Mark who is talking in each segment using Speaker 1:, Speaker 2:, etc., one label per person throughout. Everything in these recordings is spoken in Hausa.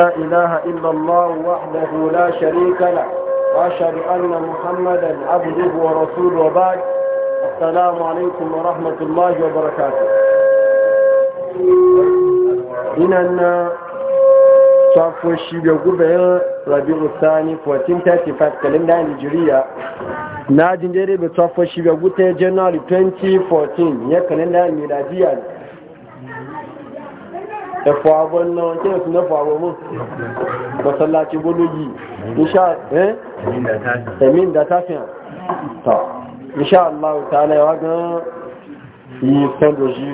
Speaker 1: إله إلا الله وحده لا شريك له وأشهد أن محمدا عبده ورسوله وبعد السلام عليكم ورحمة الله وبركاته إننا صفو الشيبيا قبع ربيع الثاني 1435 كالندا نجريا نادي نديري بصفو الشيبيا قبع جنالي 2014 يا كالندا ميلادية ẹ̀fọ́ eh? abọ́ yi. wọn kí ẹ̀sùn lẹ́fọ́ abọ́ mọ́ mọ́sálásí gbólóyì ẹ̀mí ìdátàfihàn tọ́ iṣẹ́ aláwọ̀ tààlà ẹ̀wà gan yìí sọ́dọ̀ sí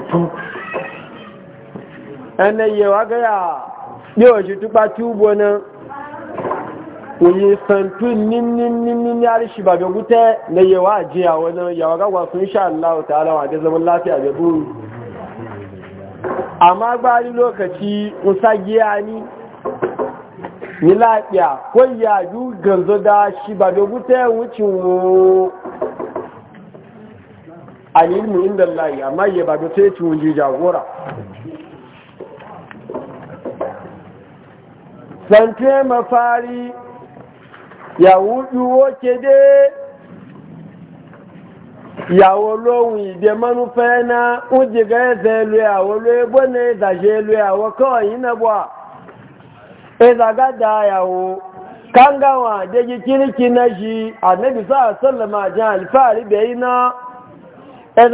Speaker 1: nin nin yẹ wá gẹ́yà bí ò sí túpá tí ó bọ́ náà òye sàntú ga àríṣìbàbẹ̀gútẹ́ lẹ́yẹ̀wà àjíyàwó náà yàwó gágbà fún iṣẹ́ lafiya tààlà wà amma bari lokaci giya ni ni lafiya ko yaju ganzo da shi ba da ta wucin mu alilmu inda Allah amma ya ba ta ci wunji jagora sante mafari ya wuju ke dai ìyàwó lóhun ìdè mọ́nufẹ́ náà ń jìgá ẹ̀sẹ̀ lu ìyàwó ló egbó ní ìdàṣẹ́ lu ìyàwó kọ́ yìí náà bọ̀ ìdàgádà na kángáwà déjì kíríkì náà ṣi ànẹ́bìsọ́ àṣọ́lẹ̀mọ̀ àjẹ́ àlìfáàrí bẹ̀yìn yìí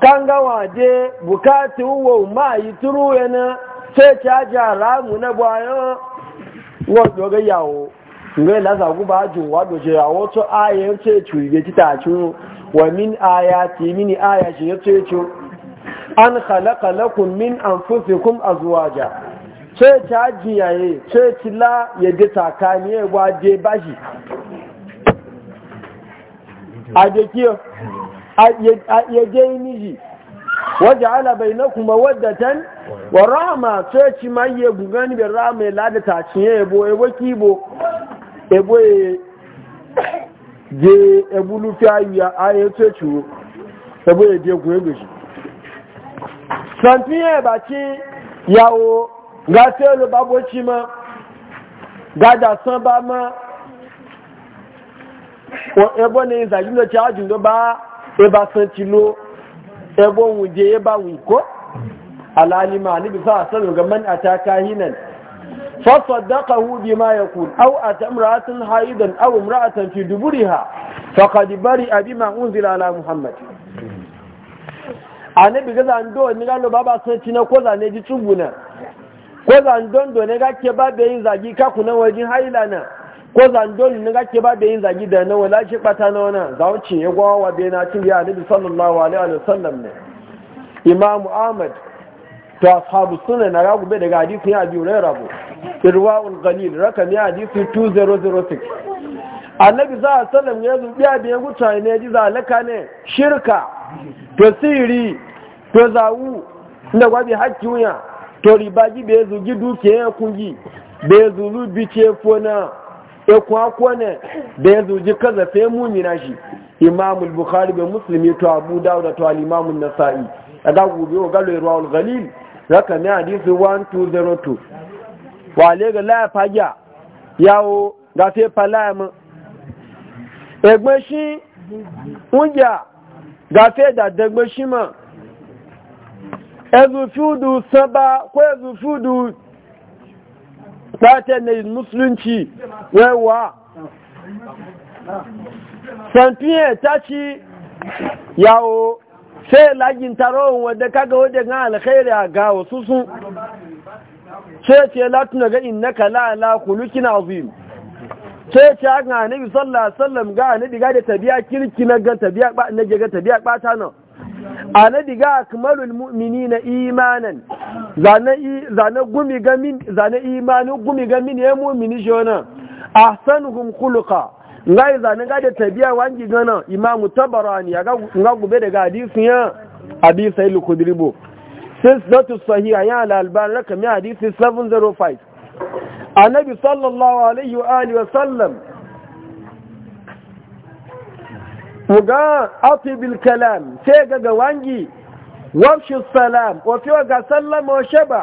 Speaker 1: kanga waje bukati uwo ma yi turu yana sai caja ramu na bayan wato ga yawo ngai la zagu ba ju wado je yawo to ayen ce tuige kita chu wa min ayati min ya yace chu an khalaqa lakum min anfusikum azwaja sai caji yaye sai tilla ya ga takani waje bashi a da ya je miji waje ala bai na kuma waddatan wa rahama coci ma yi egu gani bai rahama ya lada tacin ya ebo ebo kibo ebo ya je ebu lufi ayuya a ya coci wo ebo ya je kun ego shi santin ya baci yawo ga telo baboci ma ga san ba ma ebo ne zagin da cajin da ba eba san tilo ebo wuje eba wiko alalima ni bi sa san ga man ataka hinan fa saddaqahu bima yakun aw atamra'atan haidan aw imra'atan fi bari faqad bari'a bima unzila ala muhammad anabi ga zando ni ga lo baba san tina ko zane ji tubuna ko zandon do ne ga ke babe yin zagi ka kunan wajin haila na ko zandoni na gake ba da yin zagi da nan wala shi bata na wannan za ya ci ya gwawa bai na cin ya nabi sallallahu alaihi wa sallam ne imam ahmad to ashabu sunna na ragu bai daga hadisi ya biyu rai rabu irwaul qalil rakam ya hadisi 2006 annabi za a sallam ya zubi a biyan mutane ne ji zalaka ne shirka to siri to zawu inda gwabi hakki wuya to ribaji bai zugi dukiya kungi bai zulu bice fona e kwa kone da ya zuji kaza sai na shi imamu bukhari bai musulmi to abu dawud to alimamun nasa'i a ga ada gobe o galo rawal ghalil raka ne disu 1202 wale ga laya faja yawo ga sai falam egbe shi unja ga sai da dagbe shi ma ezu fudu saba ko ezu fudu sata na musulunci yawa santiye ta ci yawo sai lagin taron wadda kaga wadda na alkhairi a ga wasu sun sai ce latuna ga ka la'ala kulukin azim sai ce ga nabi sallallahu alaihi ga nabi ga da tabiya kirki na ga tabiya ba na ga tabiya ba ta nan ana diga akmalul mu'mini na imanan zane gumi gamin zane imanin gumi gamin ya mu'mini shona ahsanuhum khuluqa ngai zane ga da tabiya wangi gana imamu tabarani ya ga gube daga hadisin ya abi sahih kudribo to sahiha ya al-albani rakam ya hadisi 705 Anabi sallallahu alaihi wa alihi wa sallam Mu afi bil kalam sai ga wangi wafshi salam wa fi ga sallama wa shaba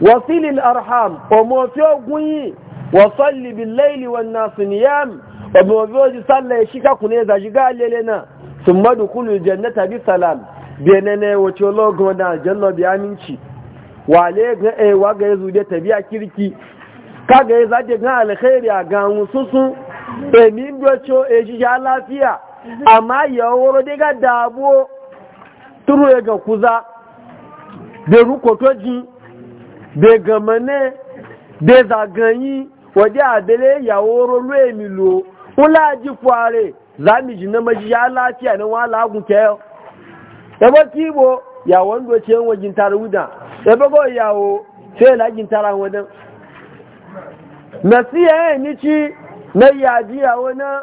Speaker 1: wa silil arham wa mo fi guyi wa salli bil layli wan nas niyam wa mo fi ji salla shi ka kune za shi ga lele na summa dukhulul jannata bi salam benene wace logo na janna bi aminci wale ga e wa ga yazu da tabiya kirki kaga za zade ga alkhairi a ga mususu e min docho e eh, ji ya lafiya amma yawon daga dabo turu ya ga kuza da rukotoji da gamane da zagayi waje abele yawon rolo emilo ulaji fare zamiji na majiya lafiya na wala agunke yau ebe kibo yawon doce yin wajen tara wudan ebe go yawo sai lagin tara wadan nasiya yanyi ci na yaji yawon na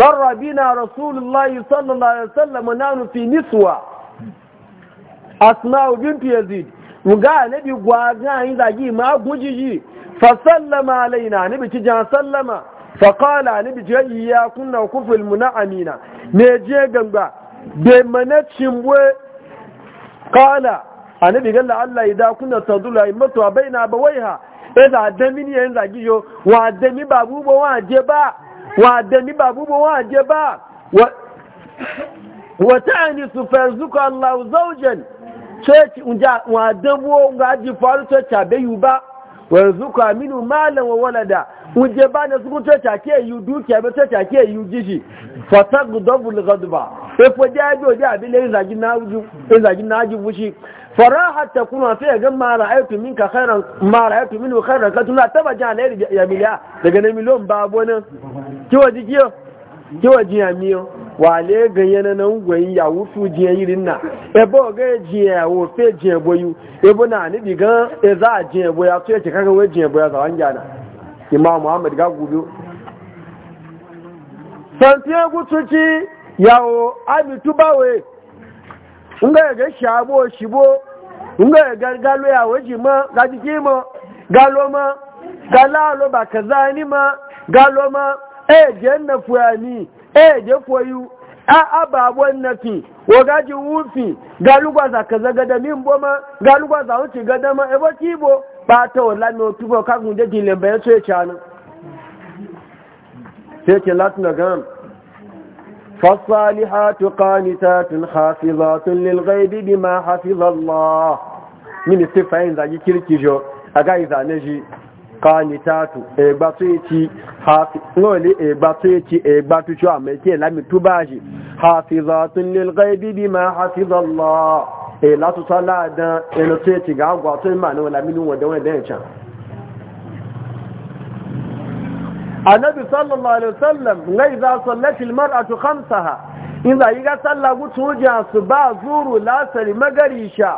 Speaker 1: مر بنا رسول الله صلى الله عليه وسلم نحن في نسوة أسماء بنت يزيد وقال نبي قوانا إذا جي ما قجي فسلم علينا نبي تجان سلم فقال نبي جي يا كنا وكف المنعمين نجي قنبا بمنات شموه قال نبي قال الله إذا كنا تضل imatu baina bawaiha idan adami ne yanzu gijo wa adami babu ba wa da ba babu ba wa je ba wa ta'ani su Allahu Allah zaujan ceci unja wa dabo ga ji faru to tabe yu ba wa yarzuka minu malan wa walada unje ba na su to take yu dukiya ba to ke yu jiji fatagdabu al-ghadba e fo je jabi le zagi na wuju zagi na ji shi. faraha ta kuna sai ga mara aitu minka khairan mara aitu minu khairan ka tuna taba ji alayhi ya miliya daga na miliyon babu nan kiwa ji kiyo kiwa ji ya miyo wale ganye na nan ya wufu ji na ga ji ya wo boyu ebo na ni diga e za a ji ya boya to ya ce kaga ya nga ga shabo shibo nga ga galo ya waje ma ga ma galo ma galalo ba ma galo ma e je na fuani e je foyu a ababon nafi wa wufi galugwa za kaza gada min mboma, galugwa za wuce gada ma e ba ba ta wala no tubo ka gunje dilembe so ya cana ke gam فالصالحات قانتات حافظات للغيب بما حفظ الله من الصفين ذا كيركيجو اغاي ذا نجي قانتات اغباتيتي حافظ نولي اغباتيتي اغباتوچو امتي لامي توباجي حافظات للغيب بما حفظ الله اي لا تصلى دان انتي تيغا غواتين ما نولا منو ودان ودان annabi sallallahu alaihi wasallam lai za sallati almar'atu khamsaha in za yiga sallah gutu ja su ba zuru lasari magarisha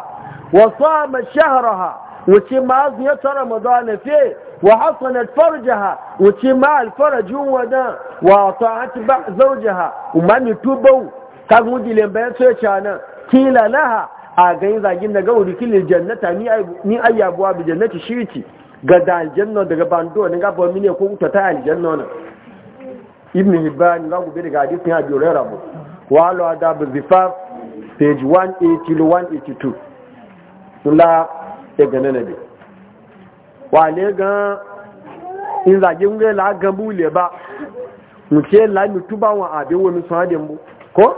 Speaker 1: wa sama shahraha wuce ma ya tara madana fe wa hasanat farjaha wuce ma alfarajun wada wa ta'at ba zawjaha umami tubau ka gudi bayan so ya nan kila laha a ganin zagin daga wuri kilil jannata ni ayyabuwa bi jannati shirki ga da aljanna daga bando ne ga ba mine ko uta ta aljanna na ibn hibban ga gobe daga hadisin abi hurairah bu wa alu adab zifaf page 180 to 182 kula e gane ne wa le ga in zage ngai la ga bule ba mu ce la mutuba wa abin wani sadin bu ko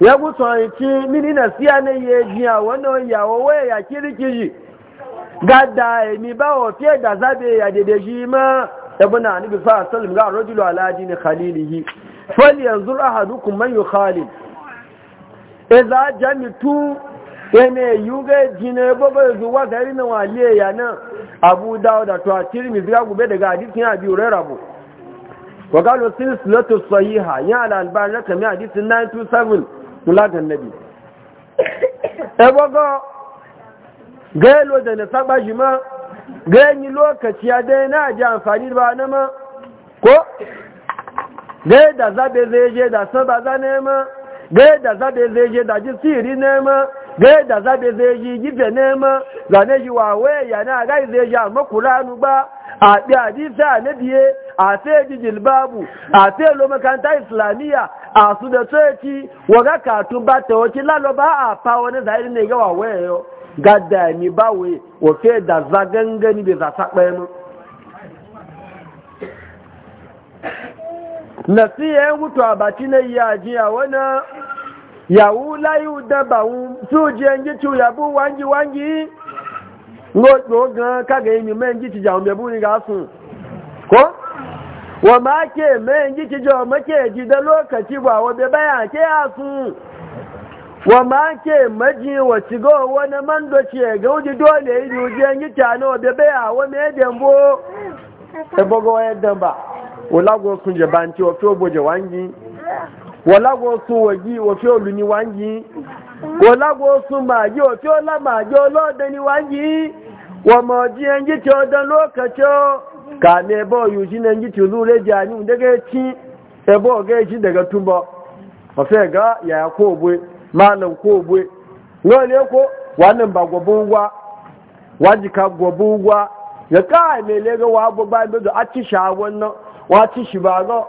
Speaker 1: ya gutu an ci mini na siya ne ya jiya wannan yawo waya ya kirkiji gada emi bawo fiye da zabe ya dede shi ma ibn anabi sa sallam ga rajulu ala dini khalilihi fal yanzur ahadukum man yukhalil idza jamitu yana yuga jine baba wa gari na waliye ya nan abu dawuda to a tirmidhi ga gube daga hadisin abi hurairah bu wa qalu silsilatu sahiha ya al albani rakam ya hadisin 927 mulagan nabi ebogo gailo da na saba shi ma ganyi lokaci ya dai na ji amfani ba na ma ko gai da zabe zai je da saba za ne ma gai da zabe zai je da ji siri ne ma gai da zabe zai ji gibe ne ma zane ji wawe ya na gai zai ji amma kuranu ba a bi hadisa na biye a sai ji jilbabu a sai lo makaranta islamiyya a su da tsoci waga katun ba ta wace lalo ba a fa wani zahiri ne ga wawe yau ga dami ba wai wafe da zagangani bai za ta ɓaya mu nasiya e ya mutu a baci na iya jiya wani yawu layu daba ba wun su jiyan gicu ya bu wangi wangi ngogbo gan kaga yi mi mai gici jawon bai buni ga sun ko wa ma ke mai gici jawon make ji da lokaci ba wa bai bayan ke a wa ma ke maji wa cigo wani man da ce ga wuji dole yi duje yi tano da baya wa me dembo e bogo ya damba wala go sun je banti wa fio boje wangi wala go sun wagi wa fio luni wangi wala go sun maji wa fio la maji lo da ni wangi wa ma ji en ji to da lokaco ka me bo yu ji nan ji tulu re jani ci e ga ji daga tumbo fa fe ga ya ko boye malam ko bwe no ko wannan ba gwabin gwa wajika gwabin gwa ya kai le ga wa ba a ci sha e wannan wa ci shi ba ga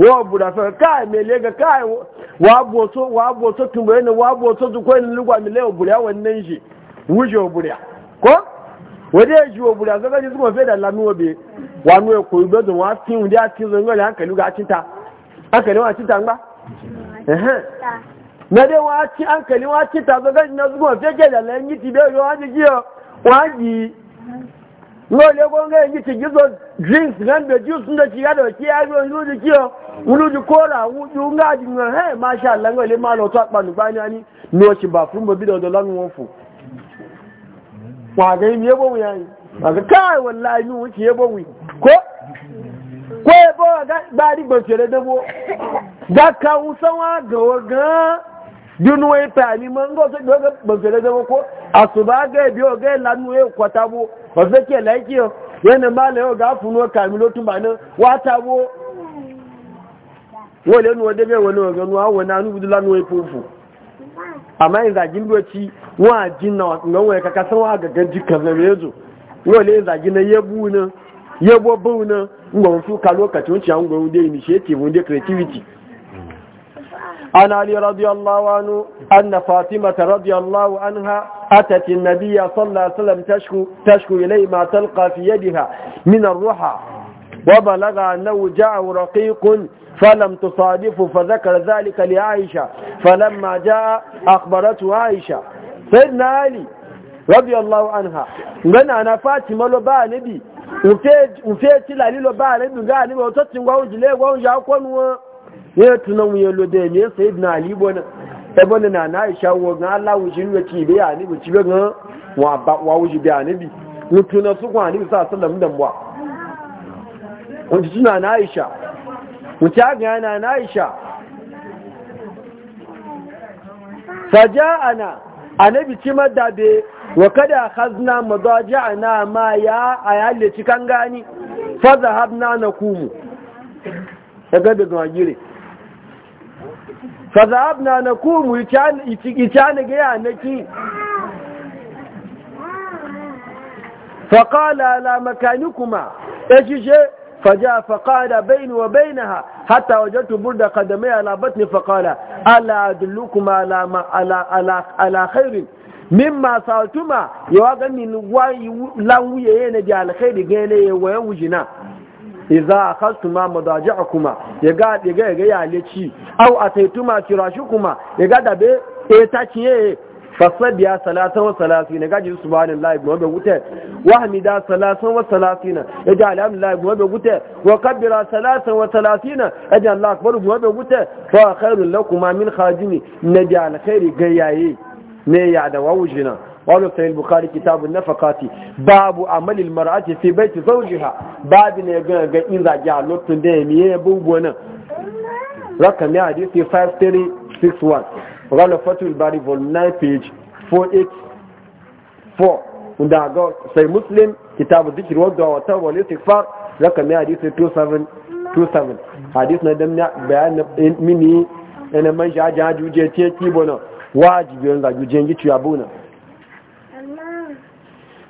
Speaker 1: wa buda fa kai me le ga kai wa boso wa boso tumbe ne wa boso du ko ni lugwa mi le obura wannan shi ko wede ji ji fe da wa nu ko ibe do wa tin ndi ati zo ga cinta wa cinta ngba na dai wa ci hankali wa ci tazo na zuwa fege da lan yi tibe yo wa ji yo wa ji no le go ngai yi ti gizo drinks nan da juice nda ci ya ki ya ji ji kola nga ji he Allah ngai le ma lo ta ani no ba fun dinu ya fahimi man ga wasu daga bankare zama ko a su ba ga biyo ga lanu ya kwata bo ba su ke e ma na yau ga funo kamilo tun ba nan wata bo wale nuwa e dabe wani waganu e a wani anu budu lanu ya fufu amma yin na ya na na na na ngwa ka creativity عن علي رضي الله عنه أن فاطمة رضي الله عنها أتت النبي صلى الله عليه وسلم تشكو, تشكو إليه ما تلقى في يدها من الرحى وبلغ أنه جاء رقيق فلم تصادفه فذكر ذلك لعائشة فلما جاء أخبرته عائشة سيدنا علي رضي الله عنها من أنا فاطمة لبا نبي وفيت وفيت لالي لبا نبي قال نبي وتتنقوا جليه وانجا ya tunan wuyan lode me sayid na bona na e bona na na isha wo ga allah wujin ne ci be ya ni ci be ga wa ba wa wuji be ani bi tuna su kwa ni sa sallam mu bwa wani tuna na mu ta ga na na saja ana anabi ci madabe wa kada khazna madaja'na ma ya ayalle ci kan gani fa zahabna nakumu daga da gire fa na abna na kumu ita cani gaya na ki fa kala ala makani kuma ya shishe fa ja fa kada bayani wa bayani ha hata wajatu burda kadame alabat ne fa ala adullu kuma ala khairin mimma saltuma yawa gani lanwuyaye na ji alkhairi gane yawon wujina idza akhadtuma madaja'akuma yaga diga yaga yale ci aw ataituma firashukuma yaga dabe e ta ciye fasabiya salatan wa salatina gaji subhanallahi ibn wabbe gute wa hamida salatan wa salatina yaji alhamdulillahi ibn wabbe gute wa kabbira salatan wa salatina yaji allah akbar wa wabbe gute fa khairul lakuma min khadimi nabi alkhairi gayaye ne ya da wawujina wani sai bukari kitabun fakati babu amalil mar'ati fi baiti zawjiha babu ne ga ga in zagi a lotun da ya miye bubu nan rakami hadisi 5361 qala fatul bari vol 9 page 484 unda ga sai muslim kitabu dhikr wa dawa ta wal istighfar rakami hadisi 2727 hadis na dan bayan mini ene man jaja juje ce kibona wajibin zagi jengi tuya buna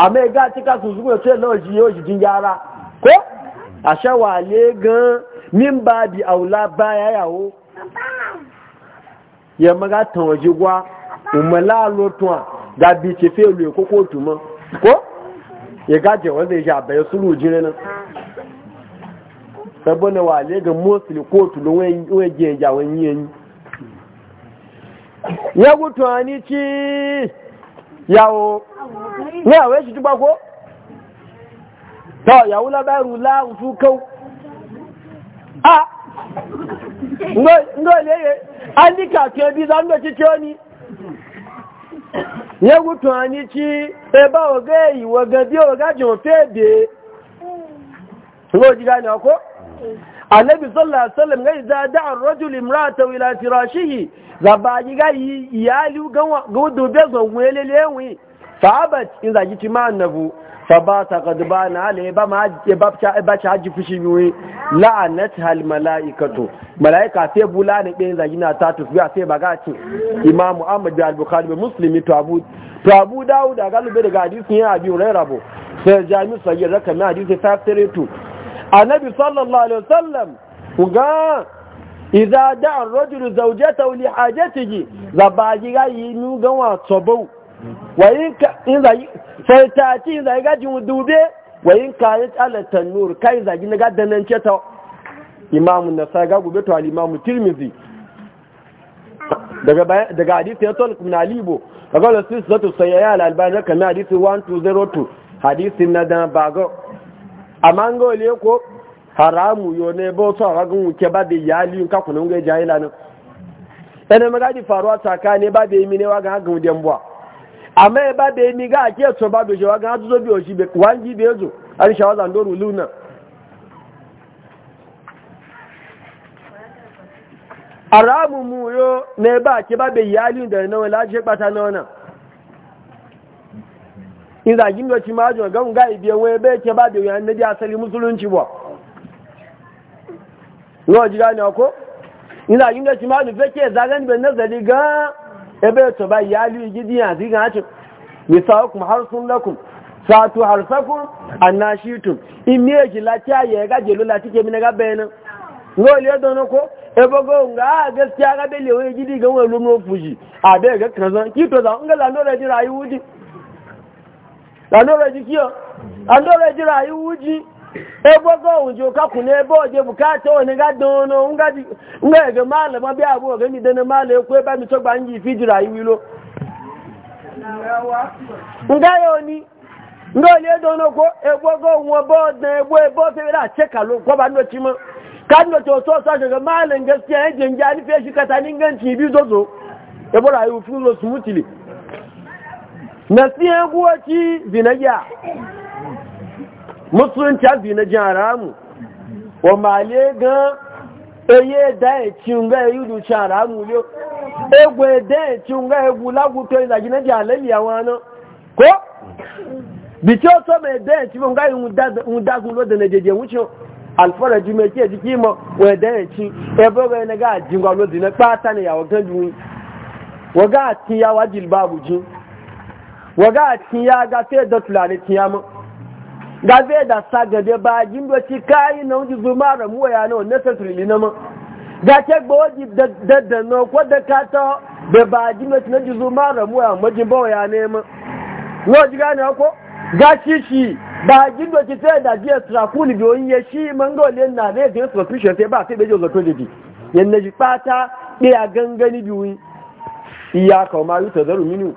Speaker 1: àmọ́ ẹgbẹ́ àti kásùn súnmọ̀ tí lọ́ọ̀ jí yóò jìdín yára kó àṣẹwà lé gan mímbà bí àwùlá bá yáyàwó yẹ mọ́gá tàn ọ̀jí wá òmọ̀lá ló à dàbí ti fẹ́ lu ìkókó tùmọ́ kó ẹ̀gá jẹ̀wọ́n lè ṣe àbẹ̀yẹ súnmọ̀ náà saboda wa lé gan mọ́sílì kóòtù ló ní àwọn èṣì túbá tọ́ ìyàwó lábẹ́rù láàrùsù kọ́ a ngọ́ iléyẹ a ní kàkẹ́ bí sánúbẹ̀ títí ó ní yẹ́gùtù àní tí ẹbá ọ̀gá ìwọ̀ gan bí ọ̀gá jùn fèèdè lóòjìdá ní ọkọ́ Àlébì sọ́lá sọ́lẹ̀m gáyì dáadáa rọ́jù lè àtàwì láti zàbà ìyá fabat in zagi ti ma annabu fa ba ta gadba na ale ba ma ya ba ta ba ta haji fushi biwe la'anat hal malaikatu malaika sai bula ne ɗayan zagi na ta tafiya sai ba ga ce imam ahmad bin al-bukhari bin muslimi to abu to abu dawud da galibi daga hadisin ya abi hurairah bo sai jami'u sagir raka na hadisi 532 annabi sallallahu alaihi wasallam uga idza da'a ar-rajulu zawjatahu li hajatihi zabaji ga yinu ga wa tabau wayin ka in zagi sai ta ci in zagi gajin dube wayin ka ya tsalata nur kai zagi na gadanan ce ta imamu na sa ga gobe to al-imamu tirmizi daga daga hadisi ya tolk na libo daga da su zato sayaya al-albani kan hadisi 1202 hadisi na dan bago A ngo le ko haramu yo ne bo so ga gun ke ba be yali ka kunun ga jahila nan ene magadi faruwa tsakani ba be mi ne wa ga gun dembuwa amma ba da yi miga a ke ba da shewa gan zuzo biyo shi wangi da ya zo an shawa zandoro a ramu na ba ke ba da na wani lafiya bata na wannan in zagin da ci majin gan ga ibiyan wani bai ba da na di asali musulunci ba yau ji gane ko in da ci majin fake zagan ebe to ba yali gidi ya diga ci misaukum harsun lakum satu harsakum annashitum imi ji latiya ya ga jelo lati ke mina ga benin ngo ya dono ko ebe go nga ah, gaskiya ga bele we gidi ga wani lumo fuji abe ga kanzan ki to za nga za no ji rayuji za no ji kiyo an do ji rayuji ebogo unjo kaku ne ka bukata oni ga dono ngaji ngege male mo bi abo ge mi dene male ku eba mi to gba nji fidira iwilo ngayo ni ngoli edono ko ebogo won bo den ebo ebo ba no timo kan no to so so ge male gaskiya e jenja ni fe shi kata ni nganti bi zozo ebo ra musulunci abu na jin haramu wa male gan eye dayaci nga eyudu ci haramu liyo egwe ụlọ nga egwu laguto izagi na jin halali awon ano ko bi tí ó tó mẹ́ dayaci fún nga yi dagun na jeje alfara ju ma wa ebe na ga na gan juwi wa ga wa ga ga tulare zai da sa gabe ba jindo ci kai na wuji zuma da mu ya no necessarily na ma ga ke gbo da da no ko da ka da ba jindo ci na ji zuma da mu ya ma bawa ya ne ma no ji gane ko ga shi shi ba jindo ci sai da jiya extra cool bi ya shi mango le na ne su fi sai ba sai be zato zo to yan na ji pata ya gangani iya kawo ma ta zaru minu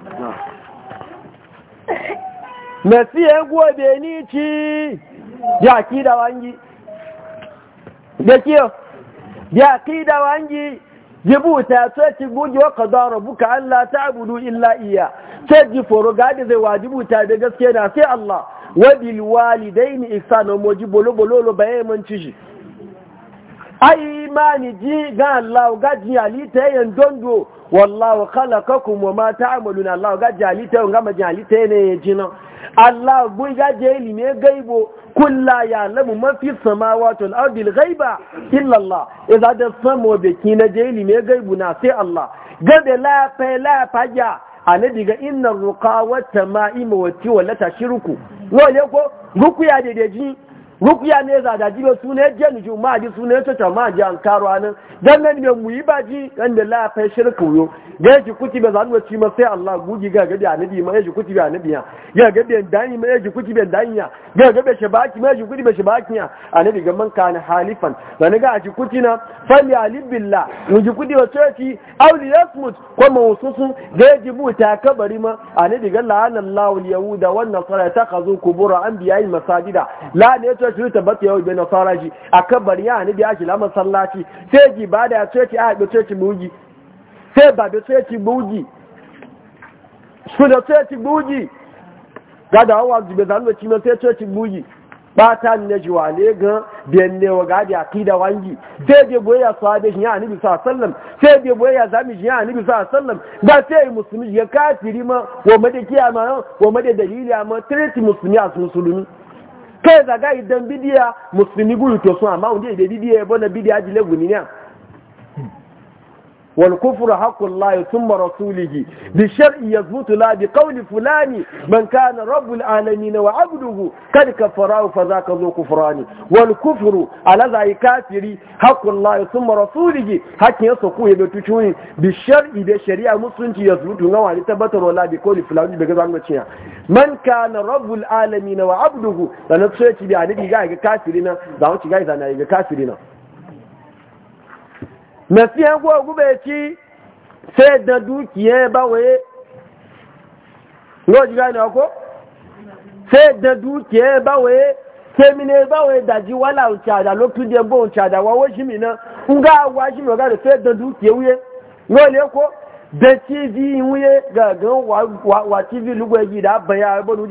Speaker 1: masu yan gobe ni ci jaki da wangi da kiyo jaki da wangi Jibu ta ci wa kadara buka Allah ta abudu illa iya ta ji foro gadi zai wajibuta da gaske na sai Allah wabil walidaini ihsana moji bolo bolo bayan mun ci shi ai imani ji ga Allah ga ji ta yan dondo wallahu khalaqakum wa ma ta'maluna Allah ga ji alita ga ma ta ne jinan Allah gun ya je ilime gaibo kulla ya lamu mafi samawatul tun gaiba illallah idza da samo be kina je ilime gaibu na sai Allah gabe la fa la faja annabi ga inna ruqa wa tamaima wa tiwala tashirku wale ko ruku ya dedeji rukuya ne za da jibe su ne jen ju ma ji su ne tata ma ji an karo anan dan nan ne mu yi ba baji kan da la fa wuyo yo da yaji bai be zanuwa ci ma sai Allah gugi ga gadi annabi ma yaji kuti be annabi ya ga gadi dani ma yaji kuti be dani ya ga gabe shabaki ma yaji bai shi baki ya annabi ga man kani halifan dan ga ji kuti na fa li alib billah mu ji kuti wa tati aw li yasmut ko ma wususu da yaji buta kabari ma annabi ga la'anallahu al-yahuda wan nasara takhazu qubur anbiya'i masajida la ne to su tabbata yau bai nasara ji a kabar ya ni biya shi lamar sallaci sai ji ba da ya tsoci a haɗe tsoci buji sai ba da tsoci buji su da tsoci buji ga da hawa zube zanuwa cimar sai tsoci buji bata na jiwale ga benne wa gadi akida wangi sai je boya sahabe shi ya annabi sallam sai je boya zami shi ya annabi sallam da sai musulmi ya kafiri ma wa madaki ma wa madadalili ma tiriti musulmi a musulmi kai zaga idan bidiya musulmi guri to sun amma wanda ya bidiya ya bane bidiya jilegun ne والكفر حق الله ثم رسوله بالشرع يثبت لا بقول فلان من كان رب العالمين وعبده قد كفراه فذاك ذو كفران والكفر على ذا كافر حق الله ثم رسوله حق يسقوه بتشوي بالشرع بشريع مسلمة يثبت نوع لتبتر ولا بقول فلان بغزان وشيا من كان رب العالمين وعبده لنتشوي بأنه يقع كافرنا دعوة يقع كافرنا mafiyan kuwa gube ci sai da dukiya ba waye lọ́jì gáà ní ọkọ́ sai da dukiya ba daji wala wuce ada lokacin da wawo shi mina in ga awa shi mai ko wa da ya ko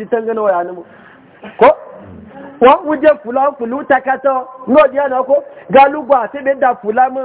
Speaker 1: wọ́n wújẹ́ fúlá fúlú takatọ́ lọ́jì gáà ní ọkọ́ ga lugwa sai bẹ́ da mọ́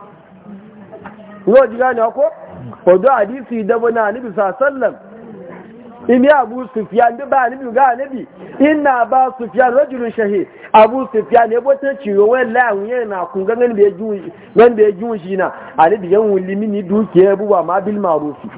Speaker 1: yau ji gane ko wadda hadisi da wani anibi sallam in ya abu sufiyan bi ba anibi ga anibi ina ba sufiyan rajulun shahi abu sufiyan ne bata ciwo wani layan yana na kun ga ganin da ya jiwon shi na anibi yan wuli mini dukiya buwa ma bil marufi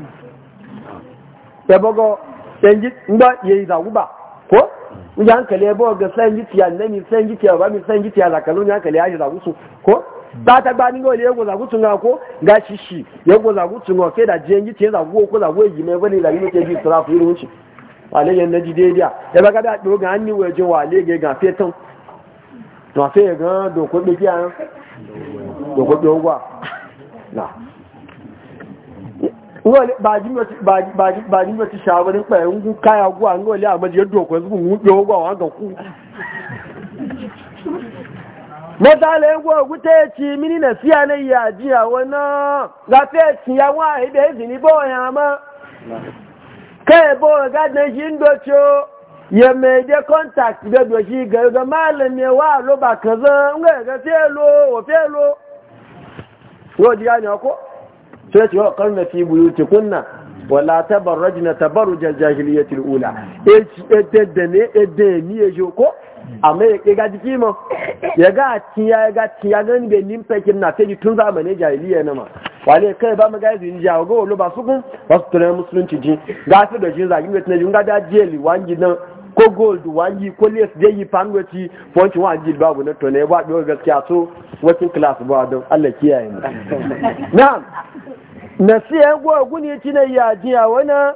Speaker 1: ya bago yanzu ba ya yi zagu ba ko in ya bawa ga sanji tiya nemi sanji tiya ba mi sanji tiya zakalon ya hankali ya yi zagu su ko ba ta ba ningo ile yago zagu tunga ko ga shishi yago zagu tunga ke da jengi te zagu ko zagu yi me bane zagu ke bi tsara fi ruci wale yan naji dai dia ya e baka ga da do ga anni waje wale ga ga fetan to sai ga do ko bi kiya
Speaker 2: do ko bi ogwa
Speaker 1: na wale ba ji ba ba ba ji ba ti shawarin ba yungu kaya guwa ngole a majiyar do ko zugun mu bi ogwa wa ga ku mọ́tàlẹ̀ ń wọ òkúta ẹ̀tì mini nà sí àná ìyá àjí àwọn náà gàfẹ́ ẹ̀tì àwọn àìbẹ̀ ẹ̀sìn ní bọ́ọ̀yà àmọ́ kẹ́ẹ̀bọ́ ọ̀gáàdìnà ṣì ń dọ̀tí o yẹ̀mẹ̀ èdè contact sí gẹ̀gẹ̀ máa lè mi wá e àlóbà kan sán ń gẹ̀gẹ̀ fẹ́ lo òfẹ́ lo yóò di àná ó ti ula ẹ̀dẹ̀dẹ̀ ní ẹ̀dẹ̀ ní ẹ̀ṣẹ̀ okó amma ya ƙega jiki ma ya ga a ya ga ciya gani bai nin kin na sai tun zamane jahiliya na ma wale kai ba mu ga yanzu ji ga wallo ba su kun ba su tunan musulunci ji ga su da jin zagi wetin yi ga jeli wangi nan ko gold wangi ko les je yi fanwaci fonci wangi babu na tone ba biyo gaskiya so wakin class ba don Allah kiyaye mu na'am nasiya gwa guni ci na yaji a wani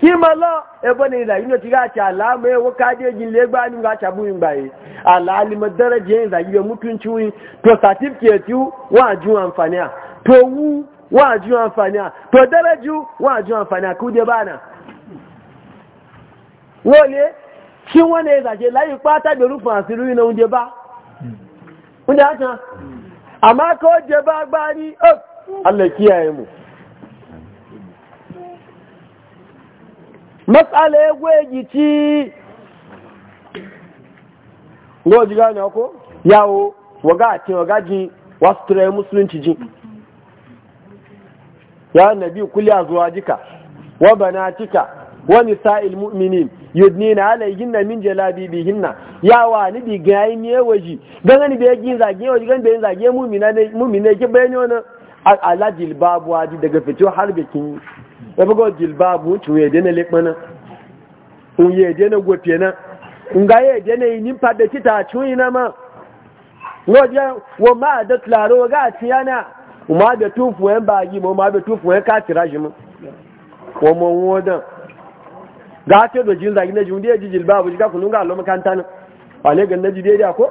Speaker 1: kí ma lọ ẹgbọ́n ni ìlà yíò ti gáàkì àlàámọ́ ẹwọ́ káàdéjì lẹ́gbàá ní gáàkì àbúyìn gbàyè àlàálìmọ̀ dẹ́rẹ́jẹ́ ìlàyíyọ mútúnchí tó sàtífìkẹ̀ẹ́tì wọ́n àjú àǹfààní à tó wú wọ́n àjú àǹfààní à tó dẹ́rẹ́jú wọ́n àjú àǹfààní à kúdé bánà wọ́n lé kí wọ́n ní ìlàjẹ́ láyé pátá ìgbèrú fún àṣírí iná oúnjẹ bá oúnjẹ àṣà àmákọ́ oúnjẹ bá gbá ní matsala ya gwegi ci goji gani ko yawo waga ce waga ji wasu turai musulunci ji ya na biyu kuliya zuwa jika wa banatika wa nisa'il mu'minin yudnina alayhinna min jalabibihinna ya wa ni bi gayi ne waji Gani ni bai yin zage waji bai yi zage mu'mina ne mu'mina ke bayani wannan alajil babu waji daga fito har bikin ɗabago jilbabu wuce wuye dena lekmana wuye dena gwafe na nga ye dena yi nimfa da kita cuyi na ma wajen wa ma da tularo ga tiyana ma da tufu yan bagi ma ma da tufu yan katira shi ma wa ma wodan ga ce do jin zagi na jin ji jilbabu ji ka kunu ga lo makanta na ba ne ga na ji daidai ko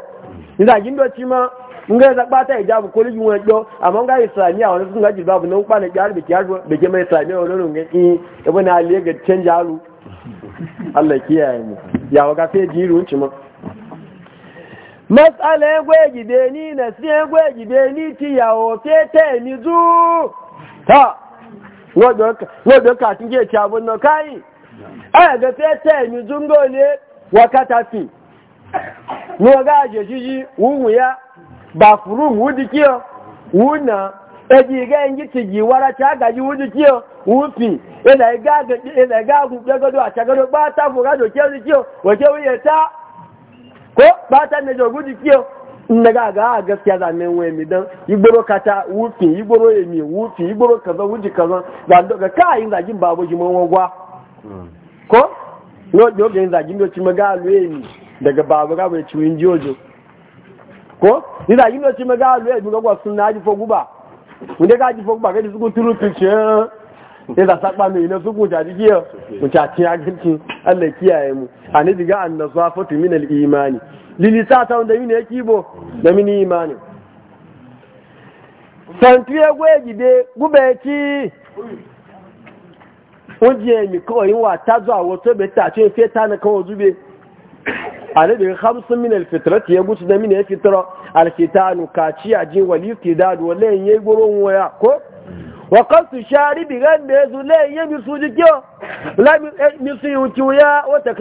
Speaker 1: zagin doci ma nga za bata ijabu ko ligi ama nga sun ga jilbabu nan kwana jar bi mai islamiya wani nun na i ibn ali ga canja alu mu ya waga fe jiru ma masala egwe ni na si ni ti ya o te no kai a ga fe te ni ngole wakata fi ni waga ya bathroom wudi kiyo wuna eji ga yin gici wara ta gaji wudi kiyo wufi ina na ina ga ku gado a tagado bata ta ku gado kiyo kiyo wace ta ko bata ta ne jogu di kiyo inda ga aga gaskiya na men waye mi dan igboro kata wufi igboro emi wufi igboro kaza wudi kaza ga ga kai zagin babo ji mon wagwa ko no jogen zagin do daga babo ga jojo ko nida yi lo ti me ga lo edu gbo sun na ji fogu ba unde ga ji fogu ba ke su kun turu picture sai da saba mai na su kuta ji kiyo mu ta ti aginci Allah kiyaye mu anabi ga annasafatu min al-imani lilisa ta wanda yi ne kibo da mini imani santu egwe gide gube ki oje mi ko yin wa tazo awo to be ta ce fe ta na kan ozube alibin hamsin min ya gusu da min ya fitra alfitanu kaciya jin wali tidadu wallahi yayi goron waya ko wa qasu sharibi ganda yazu la yabi suji kyo la waya la wa ta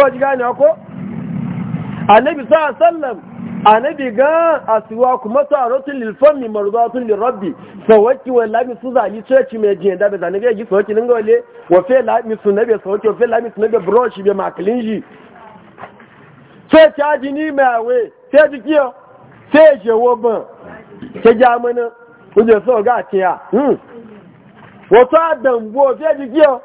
Speaker 1: wa ta ko annabi sa sallam annabi ga asiwa kuma taratun lilfami mardatun lirabbi sawaki wa lami su zali ceci mai jiyan da bezani ga yi sawaki ninga wale wa fe lami su nabe sawaki wa fe lami su nabe brush be maklin ji sai caji ni mai awe sai jikiyo sai jewo ban ke ja mana kuje so ga tiya hmm wato adam bo sai jikiyo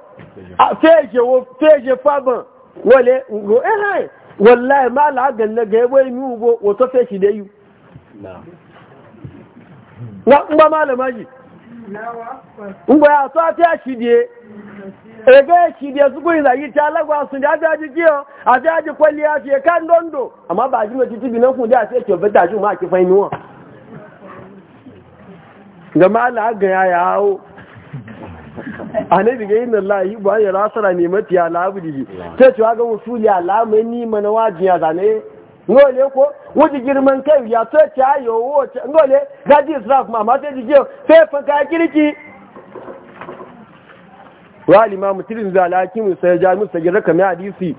Speaker 1: sai jewo sai je faban wale ngo eh wallahi ma al'agan na ga yabo mi ugo wato fe shi da yu na ba malama ji ngba ya so ati ashidie ege ashidie suku ila yi ta alagwa sun da abi ajiki o abi aji kwali afi e kan dondo amma ba ji no titi bi na kun da se ke beta ju ma ki fa mi won ga mala ga ya yawo annabi ga yin Allah ba ya rasara ne mati ya ji ta ce ga usuli alamai ni mana wajin ya zane ngole ko wuji girman kai ya to ce ayo wo ngole gaji israf ma ma ta jiyo sai fanka ya kirki wa limamu tirin zalaki mun sai ja mun sai raka mai hadisi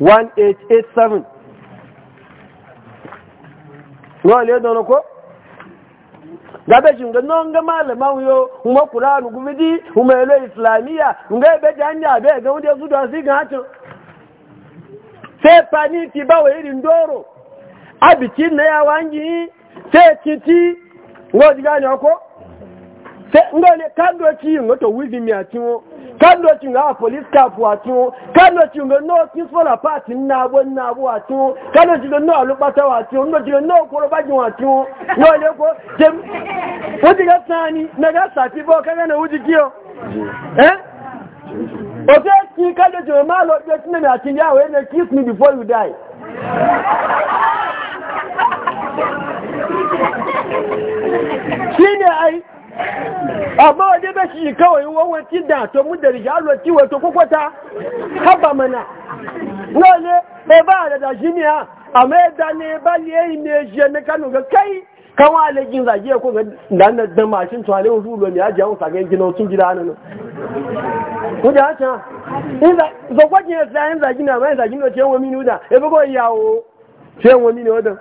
Speaker 1: 1887 ngole don ko gabe shi nga nonga malama uyo uma qur'anu gumidi uma ele islamiya nga be janya be ga wonde su da si ga to sai pani ti ba we irin doro abici na ya wangi sai titi ngo diga ni ko ngole kando chi ngoto wivi mi atiwo kando chi nga police cap atiwo kando chi ngo no kin for a part na bo na bo atiwo kando chi no alu pata atiwo ngo chi no ko ro baji atiwo no le ko jem wodi ga sani na ga sati bo ka na wudi kiyo eh o se ki kando chi ma lo je tin mi ati ya we na kiss me before you die shine ai amma waje da shi kawai wawanci da to mu da rijalo ci wato kokwata haba mana wale e ba da da shi ne ha amma da ne ba ne ne shi ne kanu ga kai kan wa le gin zaje ko da dan mashin to ale wasu lo ne a jawo sa ga gina sun gida nan ku da ta in za zo kwaje ne sai in zagi na mai zagi no ce wa minu da e ba ko yawo ce wa minu da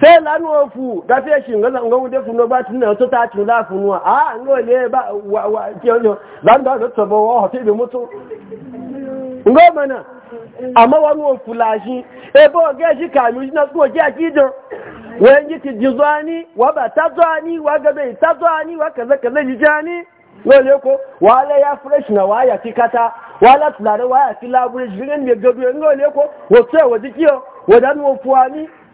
Speaker 1: sai lanu ofu da fi shi ga zan gawo funo ba to ta a ngo le ba wa wa kiyo zan da to ba wa hote bi mutu ngo mana amma wa ngo fulashi e bo shi kanu na ko ji akido wen ji ti jizani wa ba tazani wa ga wa kaza kaza jijani lole ko wa la ya fresh na wa ya tikata wa la tulare wa ya ngo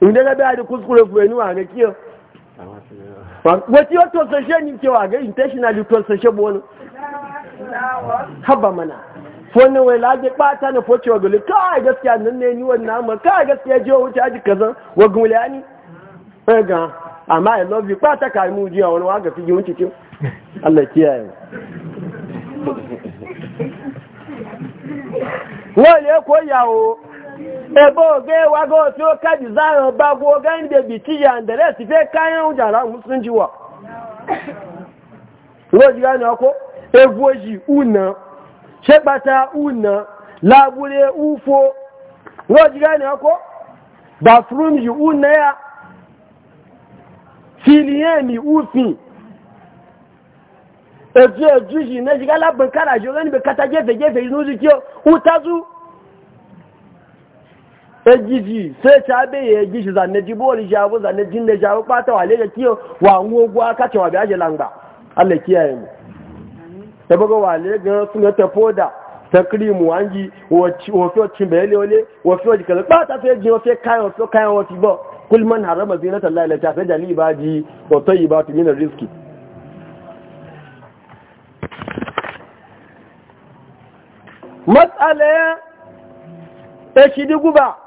Speaker 1: inda ga da kuskure fuweni ga kiyo wati o to sashe ni ke wa ga intentionally to sashe haba mana wannan wai laje bata na foce ka gole kai gaskiya nan ne ni wannan amma kai aji kazan wa gulani ga amma i love you bata kai mu jiya wani wa ga wale ebo ge wago to ka design ba go gan de biti ya ndere si fe kan un jara musunji wa wo ji gan ko egwoji una sepata una labule ufo wo ji gan ko bathroom ji una ya filieni ufin eju eju ji na ji gala bankara jo gan be kata jefe jefe inuzu kio utazu ejiji sai ta be ya zane zanne jibori jabu zanne jinne jabu pata wale da kiyo wa ngogo aka ce wa biaje langa Allah kiyaye mu ta bago wale ga sun ta foda ta krimu wangi wo fi cin bayele ole wo fi jikala pata fe jin wo fi kai wo fi kai wo fi bo kul man harama zinata Allah la ta fa jali yi wa tayyibatu min rizqi matsala ya ta shi guba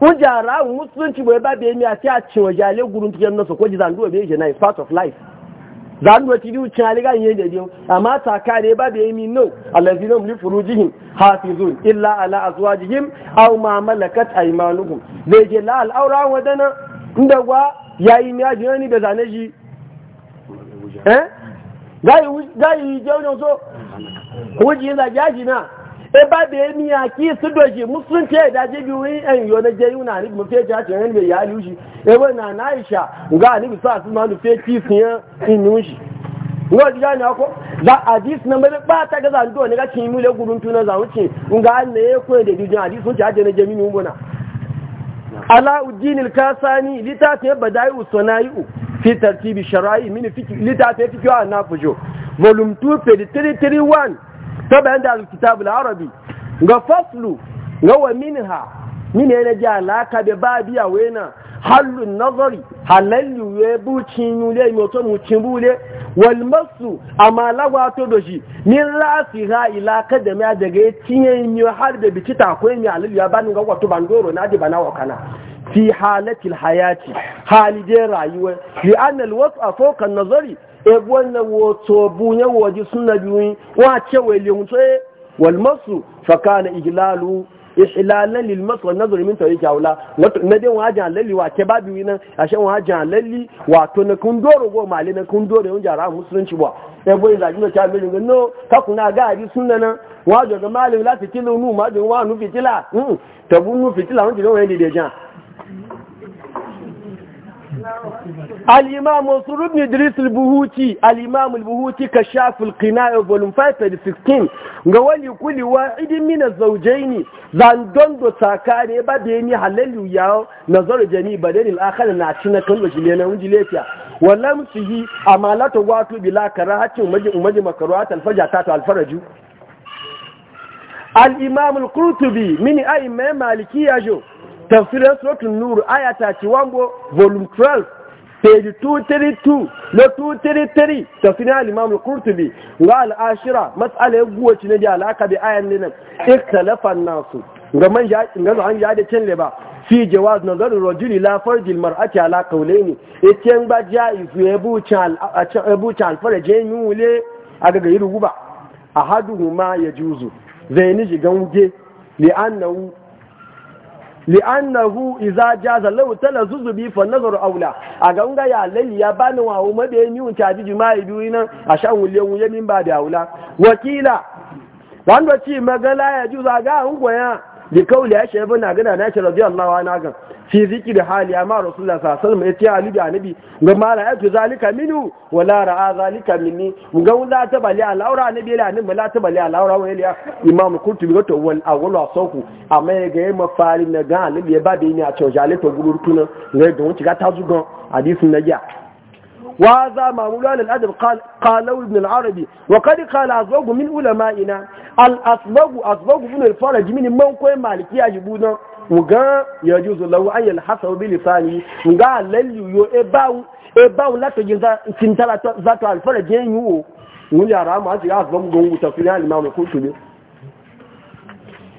Speaker 1: wunji ara ahụ musulunci bụ ebe a bụ emi ati achị oji ale gwuru ntụke nnọsọ kwaji zandu obi eje na is part of life zandu oci di uchi aliga ihe da biyu amma taka ne ebe a bụ emi no alazina mli furujihim hafizun illa ala azwajihim aw ma malakat aymanuhum zai je la al'aura wadana inda gwa yayi mi aji ni be zane ji eh gayi gayi jawno so wuji da jaji na e eba da ya miya ki su musun musulunci da dace bi wani en yo na je yu na ni mu nufi mafi ya ce yan mai yali shi eba na na isha nga ni bi sa su ma lu fe ki su yan nu shi ngo ji ja ni ako da hadis na mai ba ta ga za do ni ga mu le gurun tuna za wuce nga ne ya koyi da dijin hadis ja je na je mi mu na ala uddin al-kasani ta litafi badai u fi tartibi shara'i min fi ta litafi fiki wa fujo volume 2 pe 331 to bayan da alkitabul arabi ga faslu ga wa minha mine ne ji alaka da babiya wena halun nazari halallu ya bucin yule moto mucin bule walmasu a amma lagwa to do shi min rasi ha ila kadama daga yatinye mi har da bici takwai mi halallu ya bani ga wato bandoro na ji bana kana. fi halatil hayati halije rayuwa li annal wasu a fawqa nazari ebu wannan wato bunye waje suna biyu wa ce wai liyunto wal masu faka na ihlalan lil masu wa nazari min yi kyawula na dai wa jan lalli wa ke babu wina nan a shan wa jan lalli wato na kun doro go mali na kun doro yun e jara musulunci ba ebu yin zaji na ta mai yin no ka kuna gari suna nan wa joga mali la fitilu nu ma joga wa nu fitila tabu nufitila! fitila wani jiran wani da jan الإمام منصور بن إدريس البهوتي الإمام البهوتي كشاف القناع فولوم 5 page 16 قال كل واحد من الزوجين زان دوندو ساكاري بديني حلل وياو نظر جني بدل الآخر نعشنا كل وجلينا ونجليتيا ولم سيه أمالته واتو بلا كراهة ومجي ومجي مكروات الفجع تاتو الفرجو الإمام القرطبي من أي مالكي يجو تفسير سورة النور آية 31 فولوم 12 page 232 na 233 ta al-imam al-qurtubi ga al-ashira mas'ala ya guwaci na da alaka bi ayan nan ikhtalafan nasu ga man ya ga an ba da cin leba fi jawaz nazar rajuli la farjil mar'ati ala qawlaini etiyan ba jaiz ya wule. a buca al-faraje yule aga ga yiru guba ahaduhuma yajuzu zaini jigan wuge li'annahu idza jaza law talazuzu bi fa nazaru aula a ga nga ya lali ya bani wa umma be ni un taji jima'i biyu nan a shan wulle min ba da aula wakila wanda ci magala ya ju za ga ungoya bi kauli ya shebu na gana na shi radiyallahu anhu fi ziki da hali amma rasulullah sallallahu alaihi wasallam yace ali da nabi ga mala ayatu zalika minu wala ra'a zalika minni ga wanda ta bali al'aura nabi la nabi la ta bali al'aura wa ya imam qurtubi ga to wal awwal asahu amma ya ga ma mafari na ga annabi ya ba da ni a cewa jale to gurur tuna ne don ci ga tazu gan hadisin adab وهذا ما مولانا الأدب قال قالوا ابن العربي وقد قال أصبغ al علمائنا الأصبغ أصبغ al faraj min man ko malikiya أجبونا nga yajuzu lahu an yalhasahu bi lisani nga lalli yo e bawu e bawu la to jinza tintala za to ji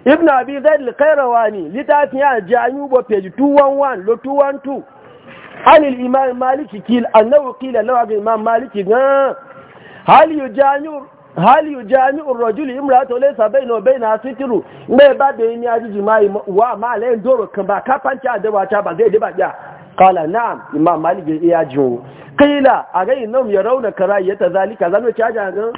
Speaker 1: ibn abi zaid al qayrawani bo page 211 lo 212 an al imam maliki kil annahu qila al imam maliki hal hali jami'ur rajuli imratu laysa bainahu baina sitru me ba da yin ajiji jima'i wa ma le doro kan ba ka fanci a dawa ta ba zai diba ya qala na'am imam malik ya iya jiwo qila a ga innam yarawna karayata zalika zan ci aja ga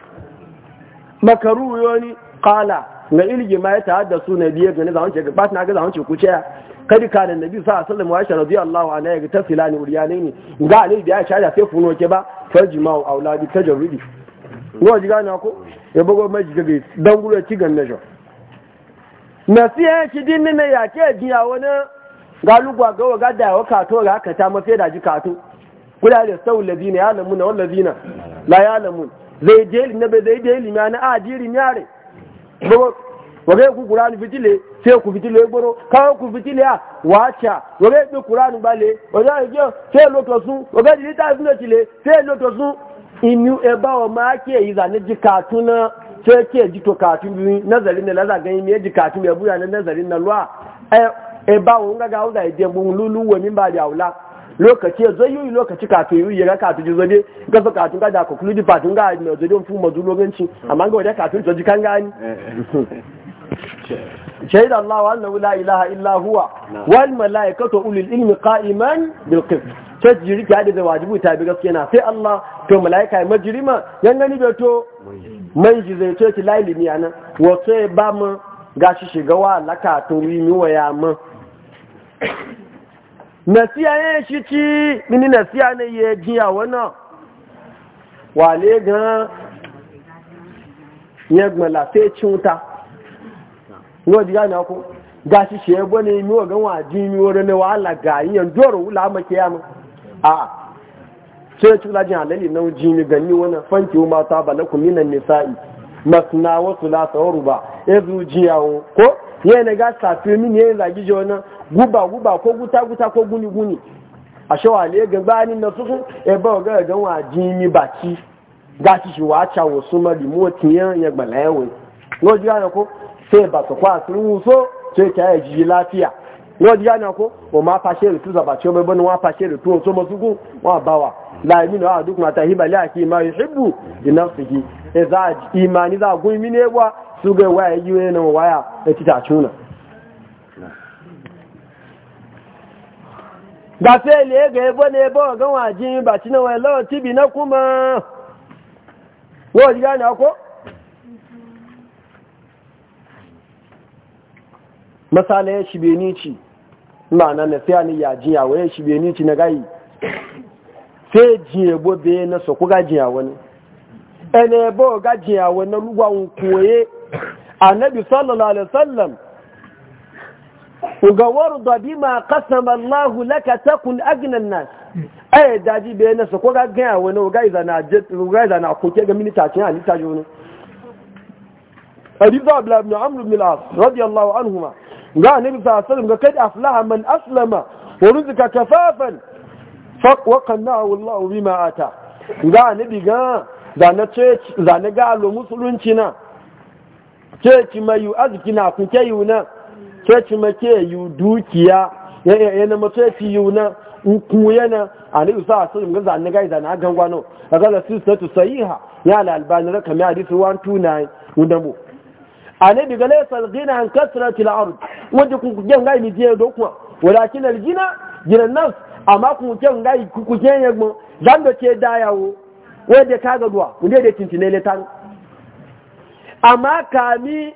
Speaker 1: makaru yoni qala na ilgi ma ya su na biye ne zan ce ba na ga zan ce ku ce kadi ka da nabi sa sallam wa aisha radiyallahu anha ga tasilani uriyanaini ga ne da aisha da sai funo ke ba farjima auladi tajarrudi Ngo wọ́n ko? gánà kó ma méjì gẹ́gẹ́ dangúrò tí gan nẹ́jọ na sí ẹ́ ṣe dín nínú yà kí ẹ̀dín àwọn náà galugwa ga wa gada wa kato ga aka ta mafi da ji kato kula da sau lazina ya lamun na wallazina la ya lamun zai je na bai zai je limi na ajiri nyare wagai ku kurani fitile sai ku fitile goro? kawo ku fitile a wacha wagai ku kurani bale wagai ku sai lotosu wagai da ta sun da tile sai lotosu inu eba wa ma ke yi zane ji katuna sai ke ji to katun biyu nazarin za laza gani me ji katun ya buya na nazarin na luwa eba wa nga ga wuza ide mun lulu wa min ba da wula lokaci zo yi lokaci katun yi yi ya katun ji zo de ga fa katun ga da ko kulu di patun ga na zo don fu mazu loganci amma ga wada katun to ji kan gani شهد الله ilaha illa huwa إلا هو والملائكة أولي العلم قائما بالقسط ta jiri ki hadisa wajibu ta bi gaskiya na sai Allah to malaika ya ma yan gani bai to man ji zai to ki laili ni anan wato ba mu gashi shiga wa laka to wi mi ya mu nasiya ne shi ci mini nasiya ne ya jiya wa le gan yagma la sai cinta ngo diga na ko gashi shi ebo ne mi wa gan wa ji mi wore ne wa Allah ga yan doro wula ma mu. a sai ya cula jin halali na jini gani wani fanki ma ta na minan nisa'i masna wasu lasa wa ruba ya ji jiyawo ko ya na ga safi min ya yi zagi ji wani guba guba ko guta guta ko guni guni a shawa ne ga bani na suku ya ba ga ga wa jini baki ga ci shi wa ca wasu ma limoti ya ya gbala yawon ko ji ko sai ba su kwa sun wuso sai ka yi ji lafiya wọ́n di yánà kó wọ́n máa fàṣẹ rẹ̀ tó zàbà tí ó mẹ́bọ́n ni wọ́n fàṣẹ rẹ̀ tó ọ̀tọ́ mọ́sùkú wọ́n bá wà láìmínú àdúkùn àtàhíbàlẹ̀ àti ìmá ìṣẹ́bù ìnáfìgì ẹ̀zá ìmá nígbà gún ìmí ní ẹwà ṣúgbẹ̀ wáyé misali ya shi benici ma'ana na fiya ni ya jiya wa ya shi benici na gayi sai jiye bai na so ku gajiya wani ene bo gajiya wani ruwan koye annabi sallallahu alaihi wasallam ga warda bima qasama Allah laka takun agna an-nas ai daji be na so ko ga ga wani ga iza na jet ga iza na ko ke ga minita cin ali ta jono hadith abdullah ibn amr ibn al-as radiyallahu anhuma ga annabi sallallahu ga kai aflaha man aslama wa ruzika kafafan faqwaqnahu Allah bima ata ga annabi ga zane ce zane ga lo musulunci na ce ki mayu azkina ku ke yuna ce ki make yu dukiya yana mace ki yuna ku yana annabi sallallahu alaihi wasallam ga zane ga zane ga gwano ga la sisatu sahiha ya al albani rakam ya hadisi 129 wanda annabi ga laysal ghina an kasratil ard wanda ku je ngai mi je do kuma walakin al gina gina nas amma ku je ngai ku je yegmo dan da ce dayawo wanda ka ga duwa wanda da tintinele tan amma kami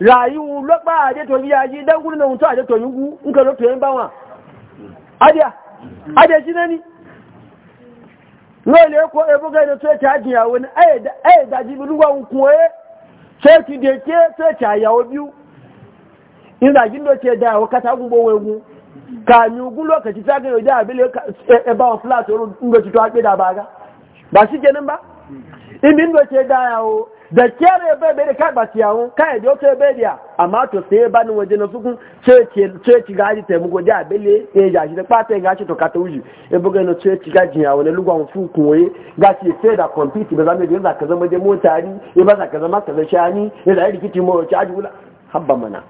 Speaker 1: rayu lokpa aje to ya ji dan gurin nan to aje to yungu in ka zo to yin bawa adiya adiya shi ne ni lole ko e buga e e da to ta ajiya e wani ai ai da jibi luwa kun koye ceci dị ke ceci a ya biyu in zagin da ce da yawo kata gumbo wegu ka mi ugun lokaci ta ga yau abile e ba flat ru in ga ci to haɗe ba da kyara bai bai kai ba ciyawo kai da yau bai da amma to sai ba ni waje na sukun ce ci gaji taimako da abele ya ja shi da kwata ya gashi to ka ta wuji ya buga na ce ci gaji yawo na lugon fukun waye gashi sai da kwamfiti ba za mu yi zaka zama je mota ni ya ba zaka zama kaza shani ya da rikici mu ci aji wula habba mana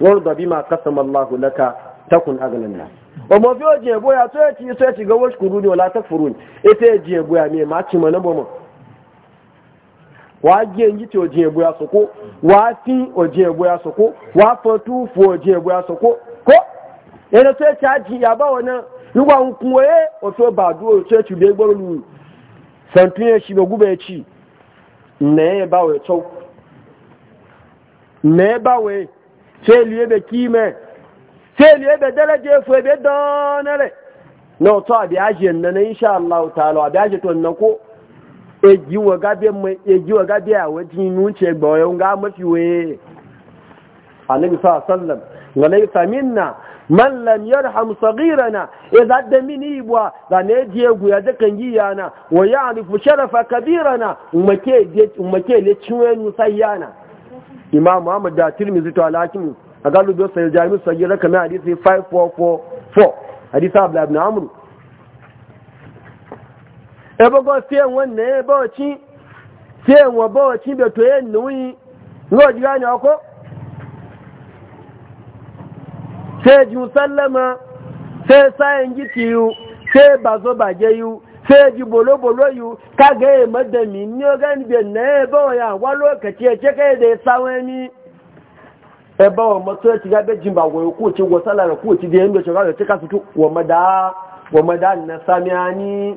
Speaker 1: warda bima qasama Allahu laka takun aglan nas omo fi oje boya to ya ci so e e e ya ci ga washkuru ne wala takfurun ita ya boya me ma ci mana bomo wa gé eyín tí òjì èbó ya sòkó wàá fín òjì èbó ya sòkó wàá fọ túùfù òjì èbó kó ẹni tó ti àjì yàbá wọn náà nígbà ń kun ẹ òtó bàdú òtó ètù bí gbọ́rọ̀ lù sẹ̀ntún yẹn ṣì gbẹ́gbẹ́ ẹ̀chì kí mẹ́ tó èlì ẹ̀bẹ̀ dẹ́rẹ́jẹ́ egi wa gabe mai egi wa gabe a wajen nuce ba yau ga mafi waye annabi sa sallam na, laysa minna man lam yarham zaɗa idza damini ibwa da ne je guya da kan giyana wa ya'rifu sharafa kabirana umake je umake le ciwen sayyana imam muhammad da tirmizi to alakim a galu do sai jami'u sayyara kana hadisi 5444 hadisi abdul ibn amr ebogo fiye wannan ya bawaci fiye wa e bawaci da to yin nuyi yau ji gani ako sai ji musallama sayan giti yiwu sai yiwu sai bolo-bolo yiwu ka ga yi ni da ya sawa masu ya ci da na samiya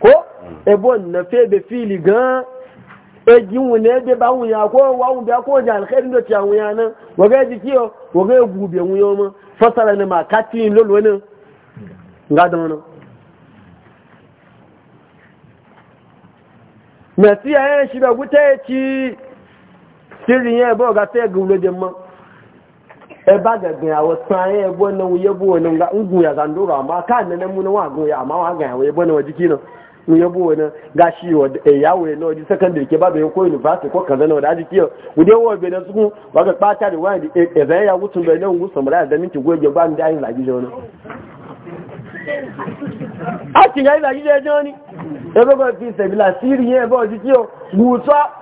Speaker 1: ko ebo na febe fili gan ejin wune ebe ba wuya ko wa wuya ko ja alkhairin da ci wuya nan waga ji kiyo waga gube wuya ma fasara ne ma kati lolo ne e ga da wannan mẹ̀sí ẹ̀yẹ́ ṣílẹ̀ gútẹ́ ti sírí yẹn ẹ̀bọ́ ọ̀gá tẹ́ gùn lóde mọ́ ẹbá gẹ̀gẹ̀ àwọ̀ tán ayẹ́ ẹgbọ́n náà yẹ́bù ọ̀nà ń gùn yàtàndóró àmọ́ káà nẹ́nẹ́mú náà wà gùn yà àmọ́ wà gàn àwọ̀ ẹgbọ́n náà wọ́n jí kí náà mu yabo wani gashi wa yawo eh, ya nawa secondary ke babu yanko university ko kaza nawa da aji kiyo ku dai wa bena su ba ga bata eh, eh, da wani e zai ya gutun bai nan gusa mura da minti goge ba mu dai zagi jona a kin ga zagi jona ni ya bai ba fi sabila sirri e ba ji kiyo gusa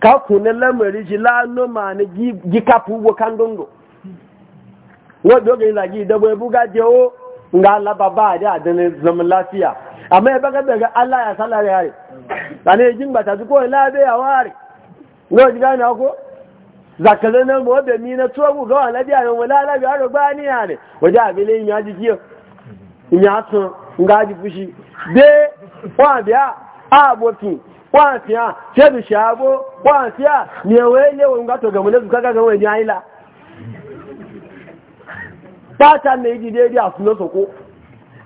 Speaker 1: ka kunan lamari ji lano ma ni gi kapu ugbo ka ndundu wadda oge na gi dabo ebu ga je o nga ala baba ade adini zaman lafiya amma ebe ga daga Allah ya salari hari tani eji ngbata zuko ila e be ya wari nga oji gani ako zakale na mo be mi na tuwa ga wala bi ayo wala ala bi aro gba ni ane waje abele imi aji kiyo imi atun nga aji fushi de wa biya a abokin kwafiya ce bi shago kwafiya ne waye ne wani gato ga ne kaga ga wani ta ta ne ji dai a sunan soko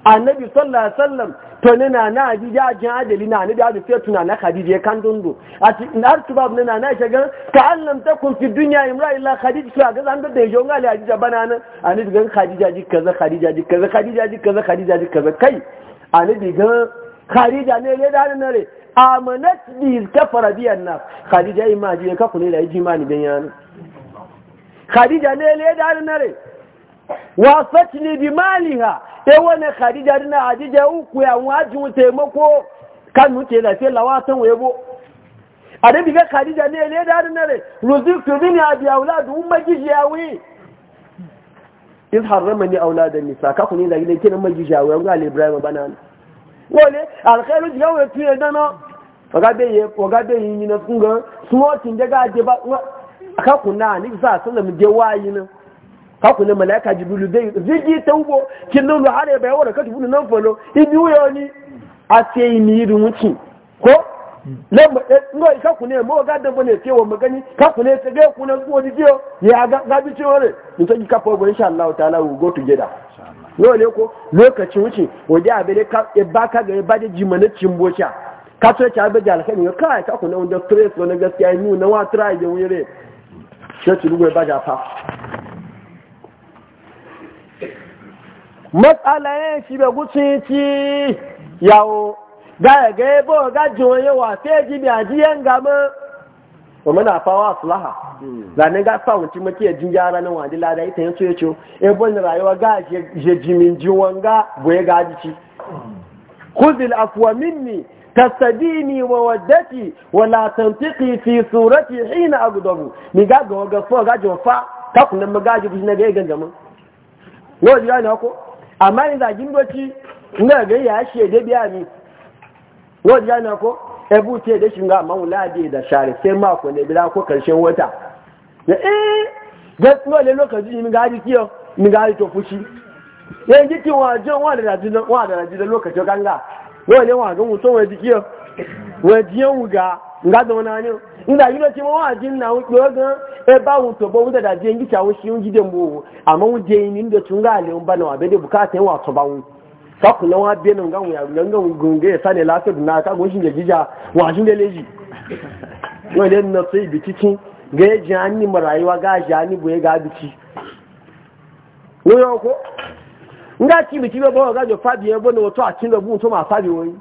Speaker 1: annabi sallallahu alaihi wasallam to ne na na ji ji adali na ne da fiye tuna na khadija kan dundu a na artu bab ne na na shaga ka allam ta kun fi dunya imra illa khadija ka ga zan da yajon gali a jija bana nan annabi ga khadija ji kaza khadija ji kaza khadija ji kaza khadija ji kaza kai annabi ga khadija ne le da ne ne amanat bi kafara bi annas khadija imaji ka kune da ji mani dan yana khadija ne le da nare ni bi maliha e wani khadija dina ajija uku ya wajin taimako kan nuke da sai lawatan webo a bi biga khadija ne le da nare ruziqtu bi abi aulad umma gijawi in harrama ni auladan nisa ka kune da gidan ma magijawi an ga ibrahim banana wale alkhairu ji yawon fi ya dana wagabe yi yi na kunga smokin daga aje ba kakuna ni za muje wayi na kakuna malaka jibilu zai zigi ta ugo kin nan har ya bayawa da nan folo ibi wuyo ni a sai ni yi ko lamba eh, ngo kakuna mo ga da bane ce wa magani kakuna ta ga ya ga bi ce wore insha Allah ta'ala go together yau ne ko lokacin wuce waje abin da ba ka gari ba da jimanin cimbocha ka so ta abin da alkhairi ka kai ka na wanda stress wani gaskiya yi nuna wa tura da wuri ya ci rugo ba jafa matsala ya shi da gucin ci yawo ga ga bo ga jiwaye wa sai jibi ajiyan gama wa mana fawa aslaha zane ga sa wuce mace jin yara nan wadi lada ita yanzu ya ce e eh, bon rayuwa ga je jimin jiwon ga boye ga jici khudil afwa minni tasadini wa waddati wa la tantiqi fi surati hina agdabu ni ga ga ga so ga jofa ta kunan magaji bi na ga ganga mun no ji ga ko amma ni da jin doci ina ga ya shede biya ni no ji ga ko ebu ce da shiga maulade da share sai mako ne bila ko karshen wata ya eh gaskiya ne lokaci ni gaji kiyo ni gaji to fushi yan jiki wa jan wa da rajin wa da lokaci ganga wa wa ga wa nga da inda yi lokaci ga e ba wu to ba wuta da jiyan gicha wo shi amma ni le taku na wa benin gan ya ngan gan gunge ya sani lafiya na ka goshin ya gija wa shin da leji wani na sai bitici ga ya ji hannu mu rayuwa ga ji hannu boye ga bici wuyo ko nga ci bici be bo ga jo fabi e bo no to atin da bun to ma fabi woni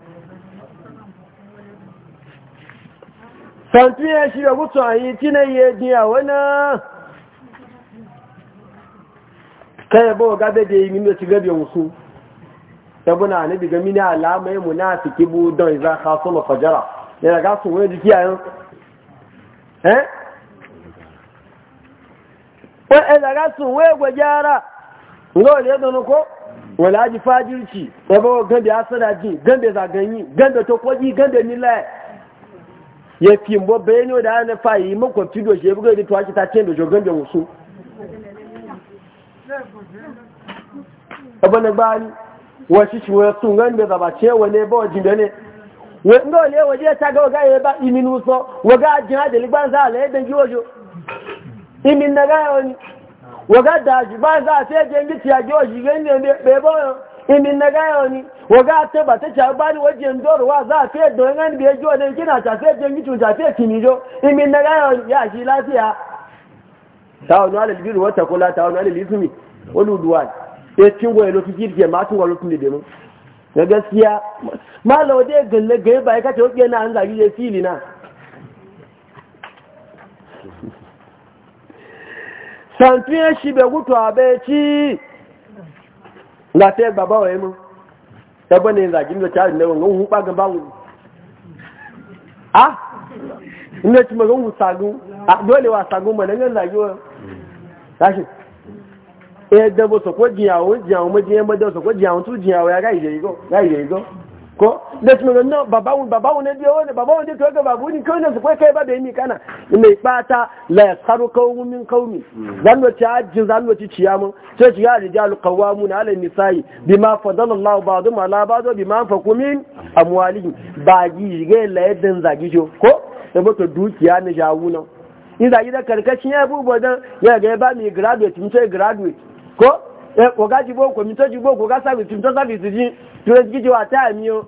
Speaker 1: santu ya shi da gutu ayi tine ye dia wana kai bo ga be de mi no ti ga bi musu tabuna ne diga mini alamai munafiki bu don iza khasu mafajara ne daga sun jiki eh ko e daga sun wani gwajara ngo le don ko wala ji fajirci e ba gambe asada ji gambe zaganyi gambe to koji gambe nila ya fi mbo bayani wasu shi tungan da zabace wane ba wajen da ne wanda wale waje ta ga waga ya ba imin wuso waga ajina da ligban za a laye dangi wajo imin na gaya wani waga da shi ba za a sai jengi ciya ji waje ganye bai ba imin na gaya wani waga ta ba ta ci ba ni waje ndorwa za a sai don yan biya ji kina ta sai jengi cun ta sai kimijo imin na gaya wani ya shi lafiya ta wani alal wata kula ta wani alal wani duwani ya cingo ya lofi jirgi ma tun gwalo tun da mu na gaskiya ma lawade ya galle gaye ba ya kace wakiya na an zagi ya fili na santu ya shi bai gutu a bai ci na ta yi baba wa mu ta bane zagi da cari na wangan hupa ga ba ah? a ina ci magan hu sagu a ah, dole wa sagu ma nan zagi wa tashi ẹ̀ẹ́dẹ́ bó sọ̀kọ́ jìyàwó jìyàwó méjì ẹ̀mọ́ dẹ́ sọ̀kọ́ jìyàwó tún jìyàwó ráìyẹ̀ igọ́ kọ́ lẹ́tùmọ̀rọ̀ náà bàbáwọn bàbáwọn ẹbí ọwọ́ ni bàbáwọn dé kọ́kọ́ bàbú ní kí ó lẹ́sùn pé kẹ́ẹ̀bá bẹ̀ẹ́ mi kánà ilẹ̀ ìpáta lẹ́ẹ̀kárò kọ́wọ́ mi kọ́wọ́ mi zanwẹ̀tì ajin zanwẹ̀tì ciyamu tí ó ti yá àrìjá alùkọ̀wá mu ní alẹ́ nisayi bí máa fọ̀dọ́nà láwọ̀ bá ọdún màlá bí máa ń fọkún mi àmúwálì bàgì ìrẹ́ lẹ́ẹ̀dẹ̀ nzàgíjọ kó ẹgbẹ́ tó dúkìá ní ìyàwó náà ìzàgídẹ́ kẹ̀kẹ́ sí ẹbú bọ̀dán yẹ́ gẹ́ bá mi graduate mi tó graduate ko ọ̀gá eh, jùgbó kò mi tó jùgbó kò ká sáàbìsì tó sáàbìsì jí tó jí jíwà táà mi ó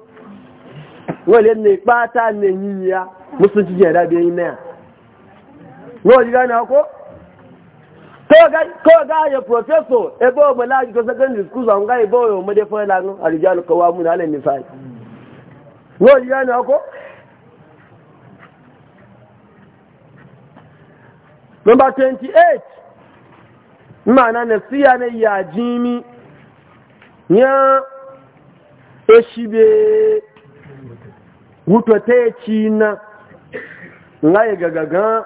Speaker 1: wọ́n lè ní ya mọ́sún jíjẹ̀ ẹ̀dábí ẹ̀yìn náà wọ́n jíga ní ọkọ́ secondary school àwọn ọ̀gá ìbọ̀ ọmọdé fún ẹ̀lá àrùjá lùkọ̀wá mú nálẹ̀ ní fàáyì wọ́n jíga ní ọkọ́ number twenty eight ma'ana nasiya ne ya jimi ya eshibe wuto ta e ya ci na nga ya gagaga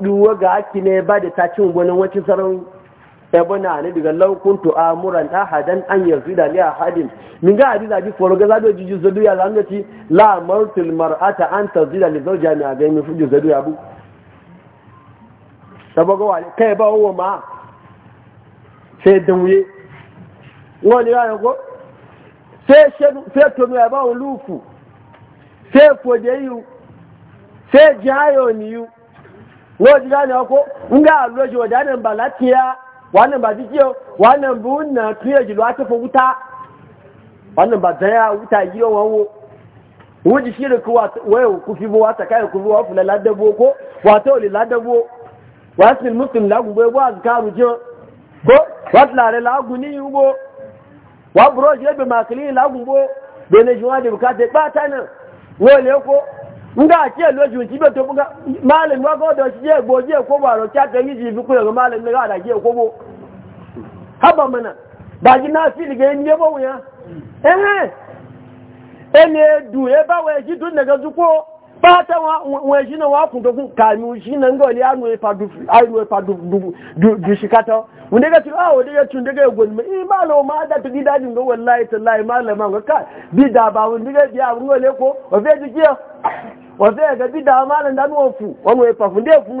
Speaker 1: duwa ga aki ne ba da ta cin wani wacin sarari ebe na ne daga laukun to amuran ahadan an yanzu da liya hadin min ga hadisa bi foro ga zado jiji zadu ya zanga ci la martul mar'ata an tazila li zawja mi a ga mi fuji ya bu sabaga e wale kai ba wa ma sai danwuye wọ́n ni ráyẹ̀ kó sai tomi a, lúfù sai fòdé yìí sai jáyọ̀ níyù wọ́n ti ráyẹ̀ kó ń gá àlójì ọ̀dá nà bà láti yá wọ́n nà bà díkíọ̀ wọ́n nà bú nà kíyẹ̀ jùlọ á tẹ́fọ̀ wúta wọ́n nà bà dáyà wúta yíyọ wọn wo wọ́n ti ṣírí kí wọ́n kú fi bó wá tàkáyẹ̀ kú fi wọ́n fìlẹ̀ ládẹ́gbó kó wà tó lè ládẹ́gbó wà sí muslim lágùnbó ẹgbó àzùkárù ko wat lare lagun ni yugo wa brush yebe makili lagun bo bene juwa de bukate pata na wole ko nga ti e loju ti be to buga male wa go do ti je gbo je ko wa ro cha te ni ji bi ko ro male ni ga da je ko bo haba mana ba ji na fi ge ni bo ya eh eh ene du e ba we ji du ne ga zuko pata wọn ṣí na wọ́n kùntọ́kùn kàmí ṣí náà ń gọ̀ lé àrùn ẹ̀fà dùṣìkátọ́ wọ́n dẹ́gẹ́ tí ó dẹ́gẹ́ tún dẹ́gẹ́ ògbòdì mẹ́ ìmá lọ máa dá ti gídá jùlọ wọ́n láì tẹ́ máa lẹ́mà ń ká bí dàbà wọn dẹ́gẹ́ bí àwọn olóko ọ̀fẹ́ ti kí ọ̀fẹ́ ẹ̀gẹ́ bí dàbà máa lẹ́ dánú òfù fún dé fún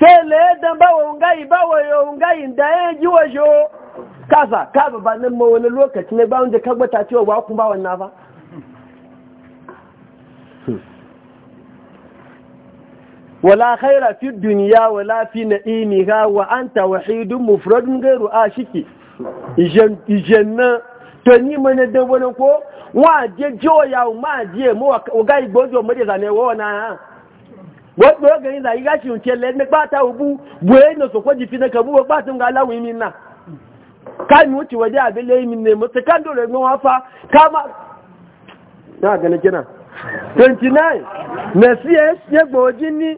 Speaker 1: sai da bawa ungayi bawa ya ungayi da ya e ji wajo kaza kaza ba ne mo wani lokaci ne bawon da kagbata cewa ba ku ba wannan ba wala khaira fi duniya wala fi na'imiha wa anta wahid mufradun ghairu ashiki ijen ijen na to ni mana da wani ko wa je joya ma je mu ga igbojo mu da zane wo na wọ́n pẹ́ ọgbẹ̀rin ìlà yíyá ṣìrùn tẹ́lẹ̀ ní pátá òbú buwé ní òsòkó jì fínà kàbú wọ́n pàtó ń aláwọ̀ ìmì náà káàmì ó ti wẹ̀dẹ́ àbílẹ̀ ìmì nèmọ́ ti káàdùn rẹ̀ wọ́n fa káàmà náà gẹ̀lẹ́ jẹ́nà 29 mẹ̀sí ẹ̀ ni. gbòójì ní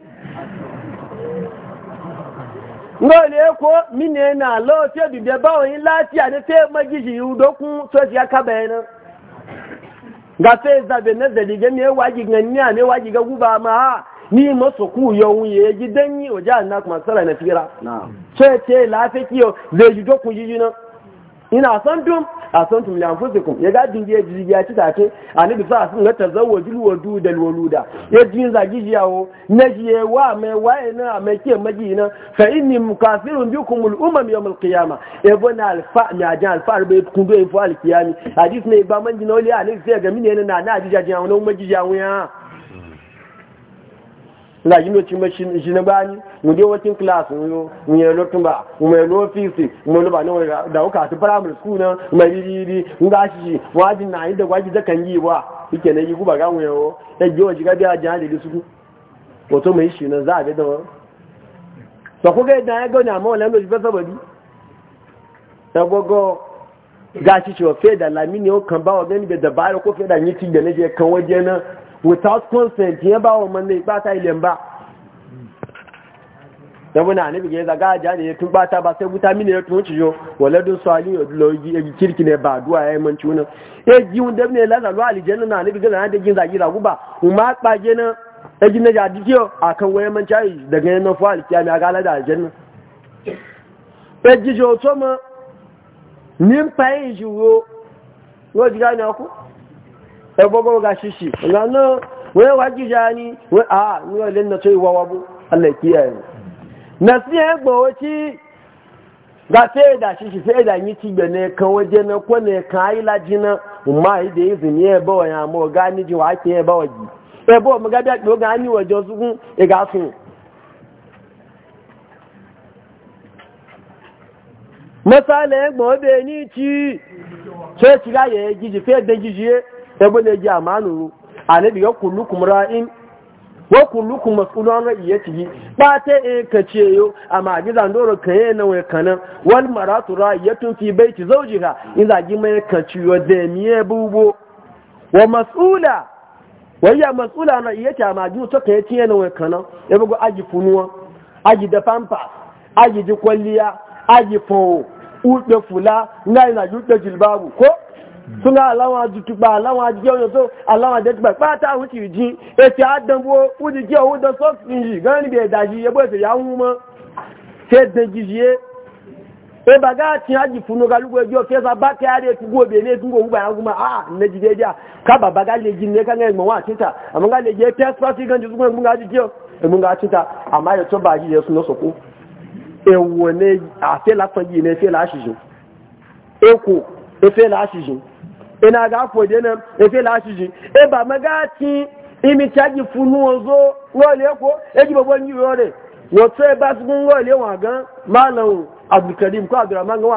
Speaker 1: ngọ́ọ̀lẹ̀ ẹ̀kọ́ mí ní ni masu ku yawun ya yi danyi wa jihar na kuma tsara na fira ce ce lafi kiyo zai ji dokun yi nan ina san tun a san tun liyan fusikun ya gajin ya ji ya ci take a ni bisa sun gata zawo jilwa du da loluda ya ji zagi yawo? na ji ya wa mai waye na a mai kiyan magi na fa inni mukasirun bi al umam yawm al qiyama e bona al fa ya jan al fa be kun do e fa al qiyami hadis ne ba man jinoli a ni sai ga mine na na ji jajan wannan magi jawo ya nga yino chima na bani mu je working class mu yo mu ye lotu ba mu ye no fisi mu lo ba no da uka ta primary school na ma yiri nga shi waji na yi da waji da kan yi wa yake ne yi guba ga mu yo da e je waji ga biya jan da su ko to mai shi na za ga da so ko ga da ga na mo la no jiba sabadi da gogo ga shi shi wa fe da lamini o kan ba wa gani da dabara ko fe da yiti da ne je kan waje na without consent yẹn bá wọn mọ́lẹ̀ ìgbàta ilẹ̀ ń bá yẹ́bùnà níbi gẹ̀ẹ́ zaga ajá ni tún gbáta bá sẹ́ vitamini ya tún ci yọ wọ̀lẹ́dún sọ alí lọ egi kirki ne ba duwa ya manci wunan na ba na a kan waya manci ayi daga yana fọ alikiya mai agala da alijan na e ji ni n pa ẹgbọ́gbọ́ ga ṣíṣì ìlànà wọ́n wá jíjá ní wọ́n à ah, ní ọ̀lẹ́ ìnà tó ìwà wábú alẹ́kí ẹ̀rù na sí ẹgbọ̀ ó da ga fẹ́ẹ̀dà ṣíṣì fẹ́ẹ̀dà yìí ti gbẹ̀ nẹ́ẹ̀kan wọ́n jẹ́ na kọ́ nẹ́ẹ̀kan ayílájí na mma ìdè ìzù ní ẹ̀bọ̀ ọ̀yàn àmọ́ ọ̀gá níjì wà á kí ẹ̀bọ̀ ọ̀jì ẹ̀bọ̀ ọ̀mọ̀gádé àpè ó ga ní ọjọ́ sunkún ìgá fún mọ́sálẹ̀ ẹgbọ̀n ó bẹ̀ẹ́ ní ti ṣé ti ráyẹ̀ jíjì fẹ́ẹ̀dẹ̀ jíjì yé ebe ne ji amanu anabi ga kullukum ra'in wa kullukum mas'ulun ra'iyatihi ba ta e kace yo amma gizan doro kaye na wai kanan wal maratu ra'iyatun fi baiti zawjiha in za zagi mai kaci yo da miye bubo wa mas'ula wayya mas'ula na iya amma ma ju to kaye tiye na wai kanan ya bugo aji funuwa aji da pampa aji ji kwalliya aji fo uɗe fula ngai na juɗe jilbabu ko suna aláwọn ajútùpá aláwọn ajúgbẹ́ ọ̀yọ́ tó aláwọn ajẹ́tùpá pátá àwọn ti jí ètò àdánwò fújì jẹ́ owó dán sọ́ọ̀sì gan níbi ẹ̀dà yìí ẹgbẹ́ ètò ya ń mọ́ ṣe dẹjì yìí e ga tin aji funu ga lugo jo fesa ba ke are ku go be ne ku go ba ma a ne deja ka ba ga le ne ka ngai mo wa tita amma ga le je fesa fa ti ga ju ga ji jo e ga tita amma yo to ba ji yesu no so ku ne a fe la to ji ne fe la shi jo e ina ga afọ̀dé náà efe láṣìṣì ẹbà mẹ́gá tí imi ṣáàjì fún ọzọ́ rọ́ọ̀lẹ́ ẹ̀kọ́ ẹjì gbogbo ní ìrọ́ rẹ̀ wọ́n tó abdulkarim abdulrahman ọmọ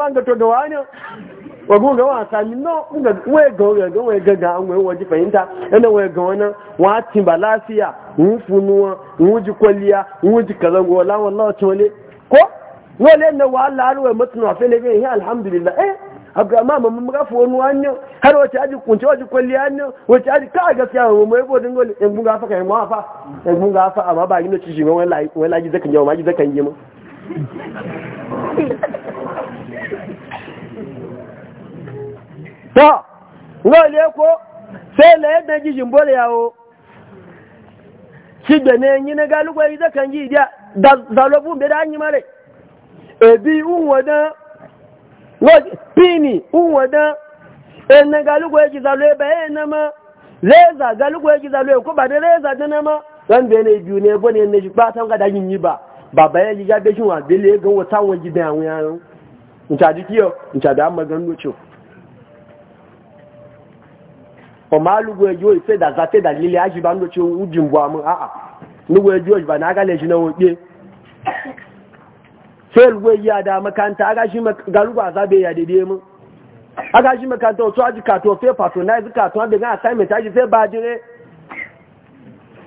Speaker 1: abdulrahman ogun wale na wahala Allah ruwa mutuna fe ne yin alhamdulillah eh abu mama mun ga fo nu anyo har wace aji kunce wace kwalli hannu, wace aji ka gaskiya fiya mu mai bodin gol in fa kai fa amma ba ci yi to wale ko sai yadda yawo shi da ne zakan da da ebi unwada pini unwada ene galugo eji zalu ebe enema, leza galugo eji zalu eko de leza dana ma ran be ne biu ne bo ji pata ga da yin ba baba ya ji ja be shun abele gan wata won ji be awon yan nta di kiyo nta da ma gan lucho o ma lugo eji o ife da sai ruwai ya da makanta aga shi garuba zabe ya daidai mu aga shi makanta wato aji kato fe patronize kato wanda ga assignment aji fe ba dire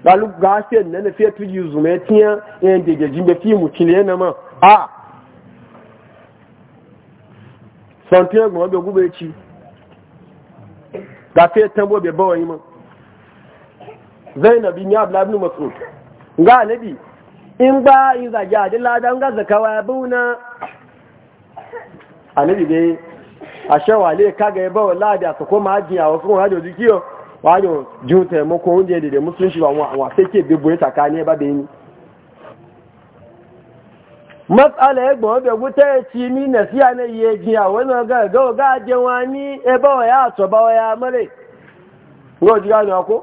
Speaker 1: galu ga sai nan na fe tu use me tiya en de gejin be fi mu kile na ma a santiago mo be gube ci ga fe tambo be bawo mu zainab ibn abdullah mas'ud ga nabi in ba yi zage a dila don gaza kawai buna a nabi dai a shawale kaga ya bawa lada ta koma hajji a wasu hajjo jikiyo wajen jin taimako wanda ya ba ke bibbo ya tsakani ba da yi matsala ya gbọ́n bẹ̀ ya ci ni na siya na iye jiya wani gagawa gajen wani ebe wa ya atọ ba wa ya mare ngọ́ jira ni ọkọ́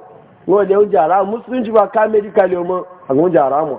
Speaker 1: ngọ́ jẹ́ oúnjẹ ká lè àwọn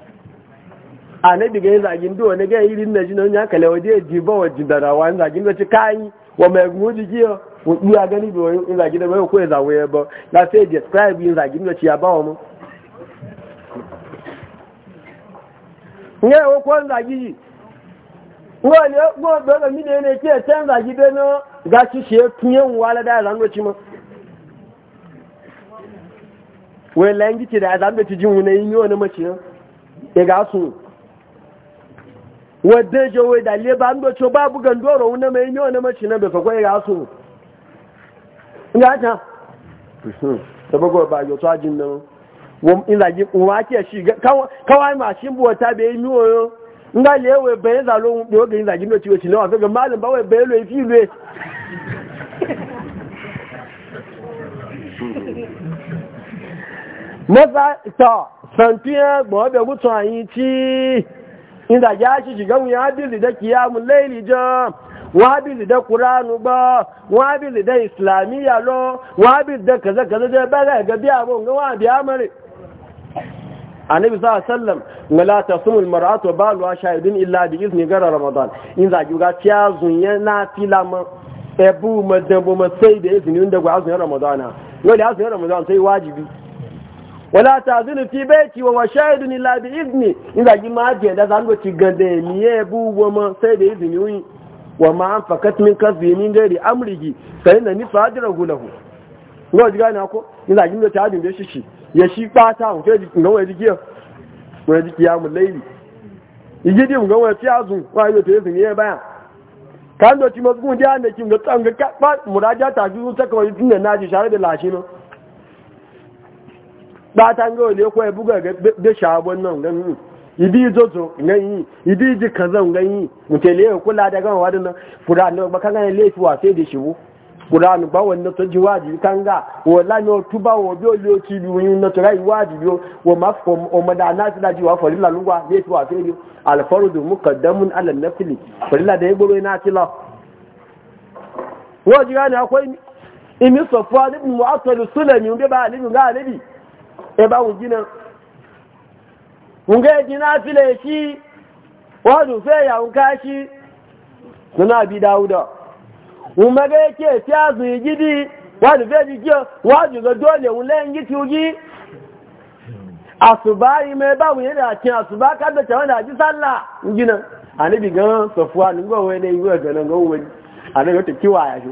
Speaker 1: annabi ga zagin do ne ga irin na jinon ya kale waje ji ba waje dara wa zagin da ci kai wa mai guji giyo ko iya gani do in zagin da bai ko ya zawo ba na sai describe yin zagin da ci ya ba mu ne o ko zagi wo ne go do mi ne ne ke tan zagi da no ga ci she tunyen wala da zan ci ma wai langi ce da ci jin wani ga su wadda jawai da ba ba bugandu babu gandoro wani mai yi wani mace na bai fakwai ya so ya ta ta hmm. bago ba yau tajin nan inzagi wake shi kawai mashin buwata bai yi miwoyo nga lewe bai zalo yau ga inzagi no ciwo cinewa ga ba wai bai e fi mọ́sá gbọ́ọ̀bẹ̀ inda ya shi shiga mu ya bi da kiyamun laili jan wa bi da qur'anu ba wa bi da islamiyya lo wa bi da kaza kaza da ba ga biya mu ga wa biya mare annabi sa sallam wa la tasumul mar'atu wa balu shahidin illa bi izni gara ramadan in za ki ga fiya zunya na filama ebu ma sai da izini da ga azumin ramadana wani azumin ramadan sai wajibi wala ta zini fi baiti wa washahidu ni labi izini? inda ji ma je da zan ci gande ni ye bu goma ma sai da izini yi wa ma an fakat min kasbi min gari amurigi sai na ni fadira gulahu ngo ji na ko inda ji mi ta din be shishi ya shi pata mu fe ngo wa digiya mu ya mu laili ije di mu gawa wa fi azun wa yi to izini ya bayan kan do ci mo gun dia ne ki mu tanga ka muraja ta ju ta ko din na ji share da lashe na batan gawa ne kawai buga da shabon nan ganin Ibi zozo ganyi idi ji kazan ganyi Mutane ya kula da gama wadannan furan ba kan ganin laifi wa sai da shigo furan ba wanda to ji wajibi kan ga wala otu ba wa bi olio ti bi yin na to rai wajibi Wa ma fo o ma da na da ji wa farilla lugwa laifi wa sai bi al fardu muqaddamun ala nafli farilla da yego na ti la wo ji gani akwai imi safwa ibn mu'attal sulami be ba alibi ga alibi e ba wun gina wun ga yaji na file shi wadu fe ya suna bi dawuda wun maga yake fiya su yi gidi wadu fe ji kiyo wadu ga dole wun layin giti asuba yi mai ba wun yana asuba da sallah gina anibi gan sofuwa ne yi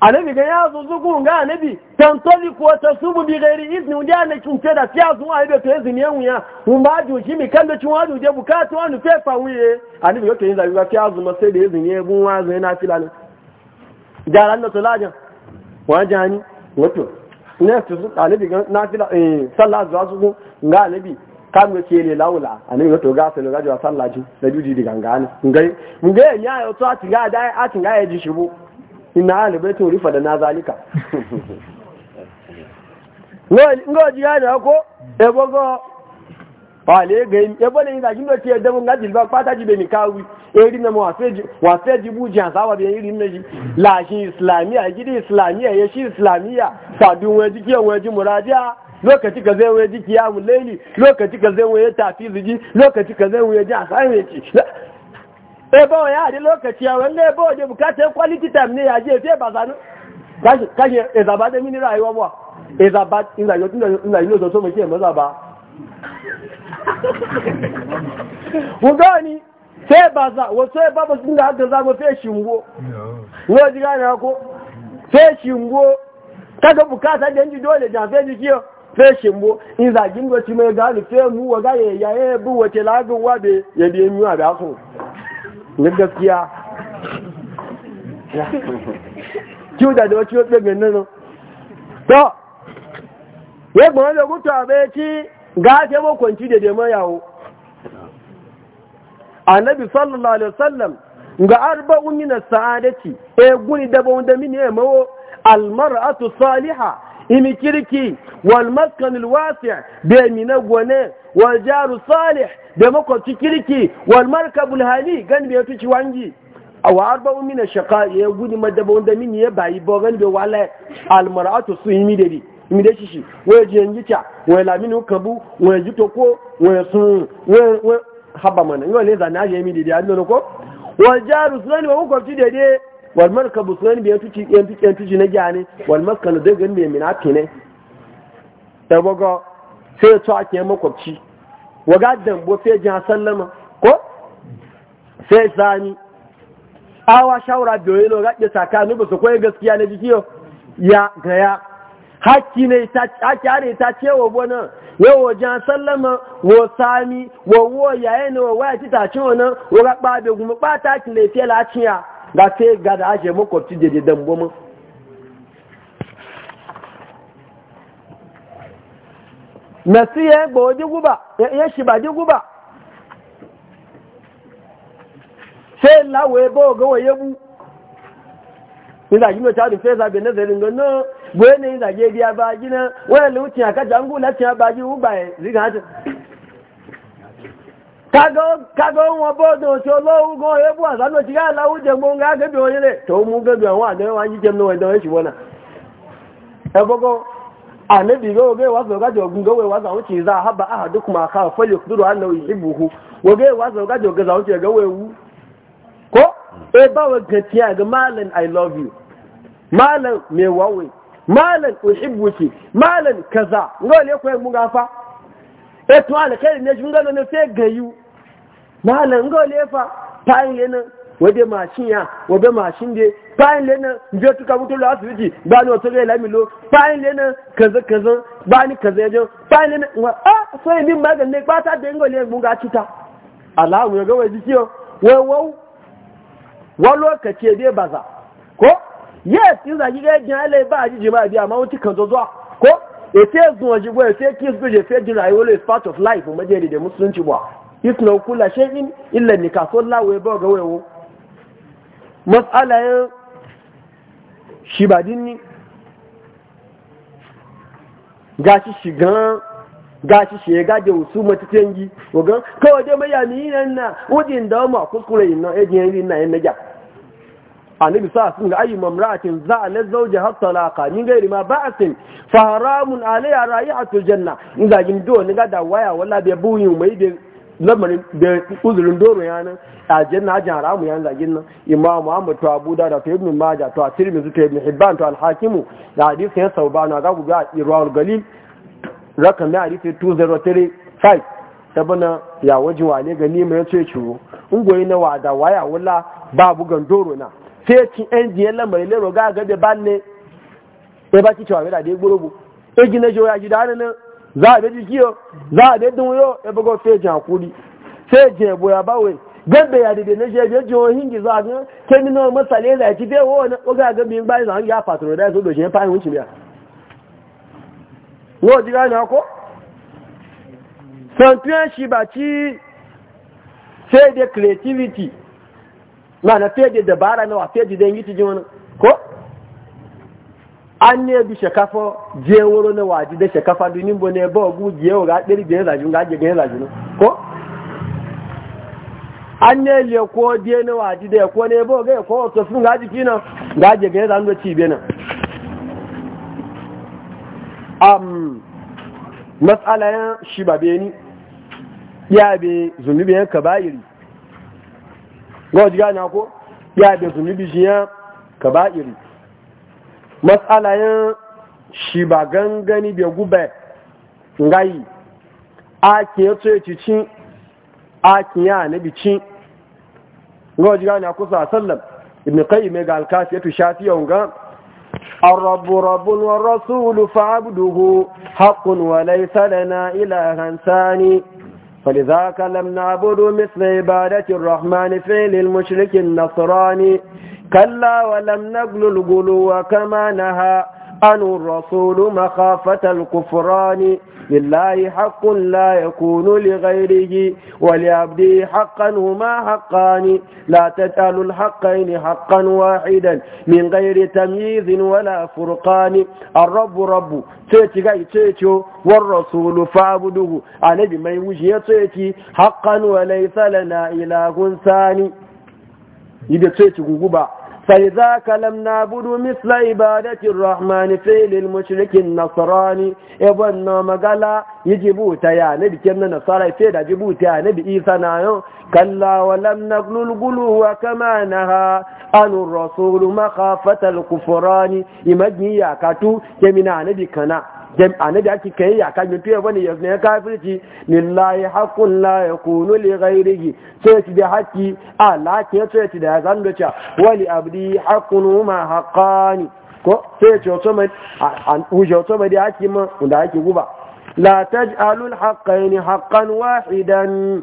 Speaker 1: anabi ga ya zo zugu ga anabi tantoli ko ta subu bi gairi izni wanda ne kin ce da fiya zuwa ido to izini yan wuya mun ba ju shi mi kan da cin wani je bukatu wani fe fa wuye anabi yake yin zabi fiya zuwa sai da izini ya bun wa zai na filal jaran da tulajan wa jani wato ne su anabi ga na fila eh sallah zuwa su ga anabi kamu ke le laula anin yoto ga sai ga jiwa sallaji da juji diganga ne ngai ngai nya yoto ati ga dai ati ga ya ji shibu ina alibaitin rufa da na zalika ngo jiya da ko ebogo wale ga ebo ne ga jindo ti nga jilba pata mi kawi eri na mo afeji wa buji an sawa bi eri meji la shi islamiya gidi islamiya ye shi ji muradia lokaci ka zai ya laili lokaci ka zai lokaci ka zai asaiwe ci ebe ya adi lokaci ya wanda ebe oje bukatar quality time ne ya je fiye ba zanu kashe ezaba da mini rayuwa ba ezaba ina yi lozo so mai ke maza ba wuga ni sai ba za wasu ya e baba sun da haka zago fiye shingo yau ji gane ko fiye shingo kaga bukatar da yanzu dole jan fiye yau? fiye shingo in zagin goci mai gani fiye mu wa ga yayaye bu wace lagun wabe ya e biye miwa da asu na gaskiya ciwo da da wacce yau ɗaga nan to ya gbọ́n da gutu a bai ga ta makwanci da daiman yawo annabi sallallahu alaihi wasallam ga arba'un min saadati e guni da bawun da mini e mawo al salihah imi kirki wal maskan alwasi' bi mina gone wal jaru salih da makwabci kirki wal markabul hali gan bi tuci wangi awa arba'u min ashqa ya gudi madaba wanda min ya bayi bo gan bi wala al mar'atu suimi dadi imi da shi shi wai je ngita wai laminu kabu wai jito ko wai sun wai haba mana yau ne zanaje mi dadi an ko wal jaru salih makwabci dadi wal markabu sun biyan tuci yan tuci yan tuci na gyane wal maskanu zai gani mai minatu ne da baga sai ya tsawa ke makwabci waga dambo sai jihar sallama ko sai sani awa shawara biyo yi loga ɗe tsakani ba su koyi gaskiya na jikiyo ya gaya haki ne haki are ta ce wa bonan yau wajen sallama wo sami wa wo yayin wa waya ci tace wannan wa ga ba be gumi ba ta ki ne fiye lafiya ga sai ga da ashe makwabci da jidan goma na siya ba waje guba ya eh, eh, shi ba guba sai lawo ba e. ga waye bu ina gino ta rufe za bi nazarin ga no gwe ne ina ge biya ba gina wani lutin aka jangu latin ba gi uba ziga hatin kaga nwa bọ́ọ̀dọ̀ òṣì olóhùn gan ebú àsánà ga gẹ́bẹ̀ oyin rẹ̀ tó mú gẹ́bẹ̀ àwọn àdẹ́rẹ́ wọn jíjẹ mú ẹ̀dọ̀ èṣù wọnà ẹgbọ́gọ́ ànẹ́bì gẹ́gẹ́ aha duk ma ka fẹ́lẹ̀ kúrò àná ìbùkú wọ́gẹ́ wà sọ̀rọ̀ gájọ̀ gẹ́zà oúnjẹ gẹ́wẹ́ wú ko e ba gati a ga malam i love you malam me wawe malam uhibbuki malam ko mu e na eji ne malam ga lefa fayin lena wade mashin ya wabe mashin de fayin lena je tuka mutu lo asibiti ba ni wato ga lami lo fayin lena kaza kaza ba ni kaza je fayin lena a so yi min magan ne ba ta de ngole mun ga cita Allah mu ga waje kiyo wai wau wa lokaci dai baza ko yes in zaki ga jin Allah ba ji jima'a biya ma wuti kan zo zo ko efe zuwa jibo efe kisu je fe yi rayuwa is part of life mu je da musulunci ba yusna kula shay'in illa nikah so Allah wai ba ga wayo mas'ala shi ba dinni gashi shigan shi ga da wasu matatengi wagan kawai dai mai yami nan na wajin da mu kuskure yin nan ejin yin na ja annabi sa sun ga a mamra'atin la zawja hatta ma ga da waya wala lamarin da uzurin doro ya nan a janna ajin haramu ya zagin nan imam muhammad to abu da to ibn maja to at-tirmidhi to ibn hibban to da hadisi ya sauba na za ku ga irwal galil rakami hadisi 2035 tabana ya waje wale gani mai yace ciwo ungoyi na wada waya wala babu gandoro na sai ci en je lamarin le ga da banne e ba ci cewa da dai gurubu e gina jo ya ji da nan za a daji kiyo za a daji wuyo ya bugo fejin hakuri fejin ya boya bawai gabbe ya dide na jeje jiwon hingi za a ga kemino masale da ki bai wo na oga ga bin bayan zan ya fatoro da so do y'a fayin wuce biya wo diga na ko santiyan shi ba ci sai da creativity na na fejin dabara na wa fejin da yin gici jiwon ko an ne bi shakafa je woro na waji da shakafa dunin bo ne ba ogu je o ga diri je lajun ga je ga lajun ko an ne le ko je na waji da ko ne bo ga ko to sun ga jiki na ga je ga lajun ci be na am mas'ala ya shibabe ni ya be zunubi ya kabairi ga ji ga na ko ya be zunubi shi ya kabairi matsalayen shi ba gangani bai gube ngayi aki ya tsoye cikin aki ya na bici ngawar jiga ne a kusa a sallam ibi kai mai ga alkafi ya tushafi yau ga arraburabun wa rasulu fa'abduhu haqqun wa laysa lana ilahan za ka lamna na'budu mithla ibadatir rahmani fi lil mushrikin nasrani كلا ولم نبل الغلو كما نهى عنه الرسول مخافة الكفران لله حق لا يكون لغيره ولعبده حقا هما حقان لا تجعل الحقين حقا واحدا من غير تمييز ولا فرقان الرب رب تيتي غاي تيتيو والرسول فاعبده أنا بما يوجي تيتي حقا وليس لنا إله ثاني yi ce ci guguba sai za ka lamna budu misla ibadatin rahmani filin mashirikin nasarani ebon na magala yi jibuta ya na bikin na nasara fe da jibuta ya na bi isa na yau kalla wa lamna gulgulu wa kama na ha anun rasulu makafatar kufurani imagni katu kemina na kana da ake kai ya kan mutuwa bane ya ne kafirci lillahi haqqun la yakunu li ghayrihi sai ci da haƙƙi Allah ke sai ci da zandocha wali abdi haqqun ma haqqani ko sai ci wato mai an uje wato mai haƙƙi ma da ake guba la taj'alul haqqain haqqan wahidan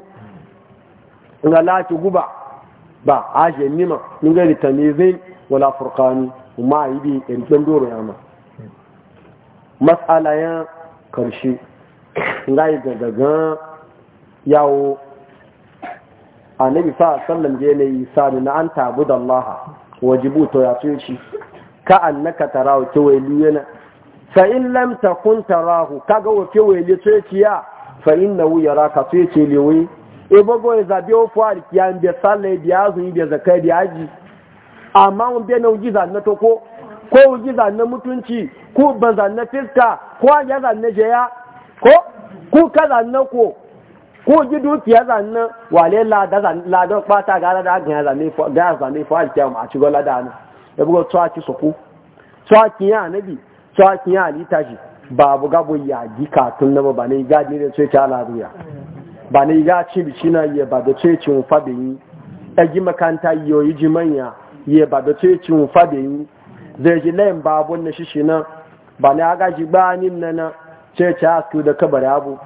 Speaker 1: ngala ci guba ba aje nima ga litamizin wala furqani ma yi bi in dan doro yama matsala ya karshe ngai gagagan yawo A annabi sa sallam je ne isa na an tabu da Allah wajibu to ya tun shi ka ka tara wa wailu yana fa in lam takun ka ga wa ke wailu to ya fa ra ka to ce lewe e bogo ya zabe o fa alkiyan bi sallai bi azun biya zakai biya aji amma un biya na ujiza na to ko ko wuji zanne mutunci ko ba zanne fiska ko ya zanne jeya ko ku ka zanne ko ko ji dukiya zanne wale lada lada gara da ga zanne fo ga zanne fo a ma ci da na da bugo tsawa ki soko tsawa ya nabi tsawa ya ali taji babu gabo ya ji katun na ba ne ga dire ce ta laruya ba ne ga ci bici na ya ba da ce cin fadin ya yi ji makanta yoyi ji manya ye ba da ce cin fadin yi zai ji layin babun na shishi nan ba na ya gaji bayanin na nan ce a su da kabar abu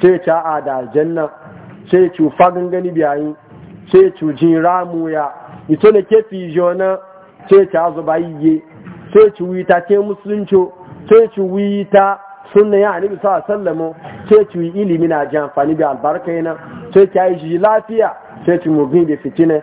Speaker 1: ce ce a da aljanna ce ce fa gani biyayi ce ce jin ramu ya ito na kefi jona sai ci azuba yiye sai ci wita ce musulunci ce ci wita sunna ya annabi sallallahu alaihi ce ce ilimi na ji amfani da albarka yana ce a yi lafiya ce mu bi da fitina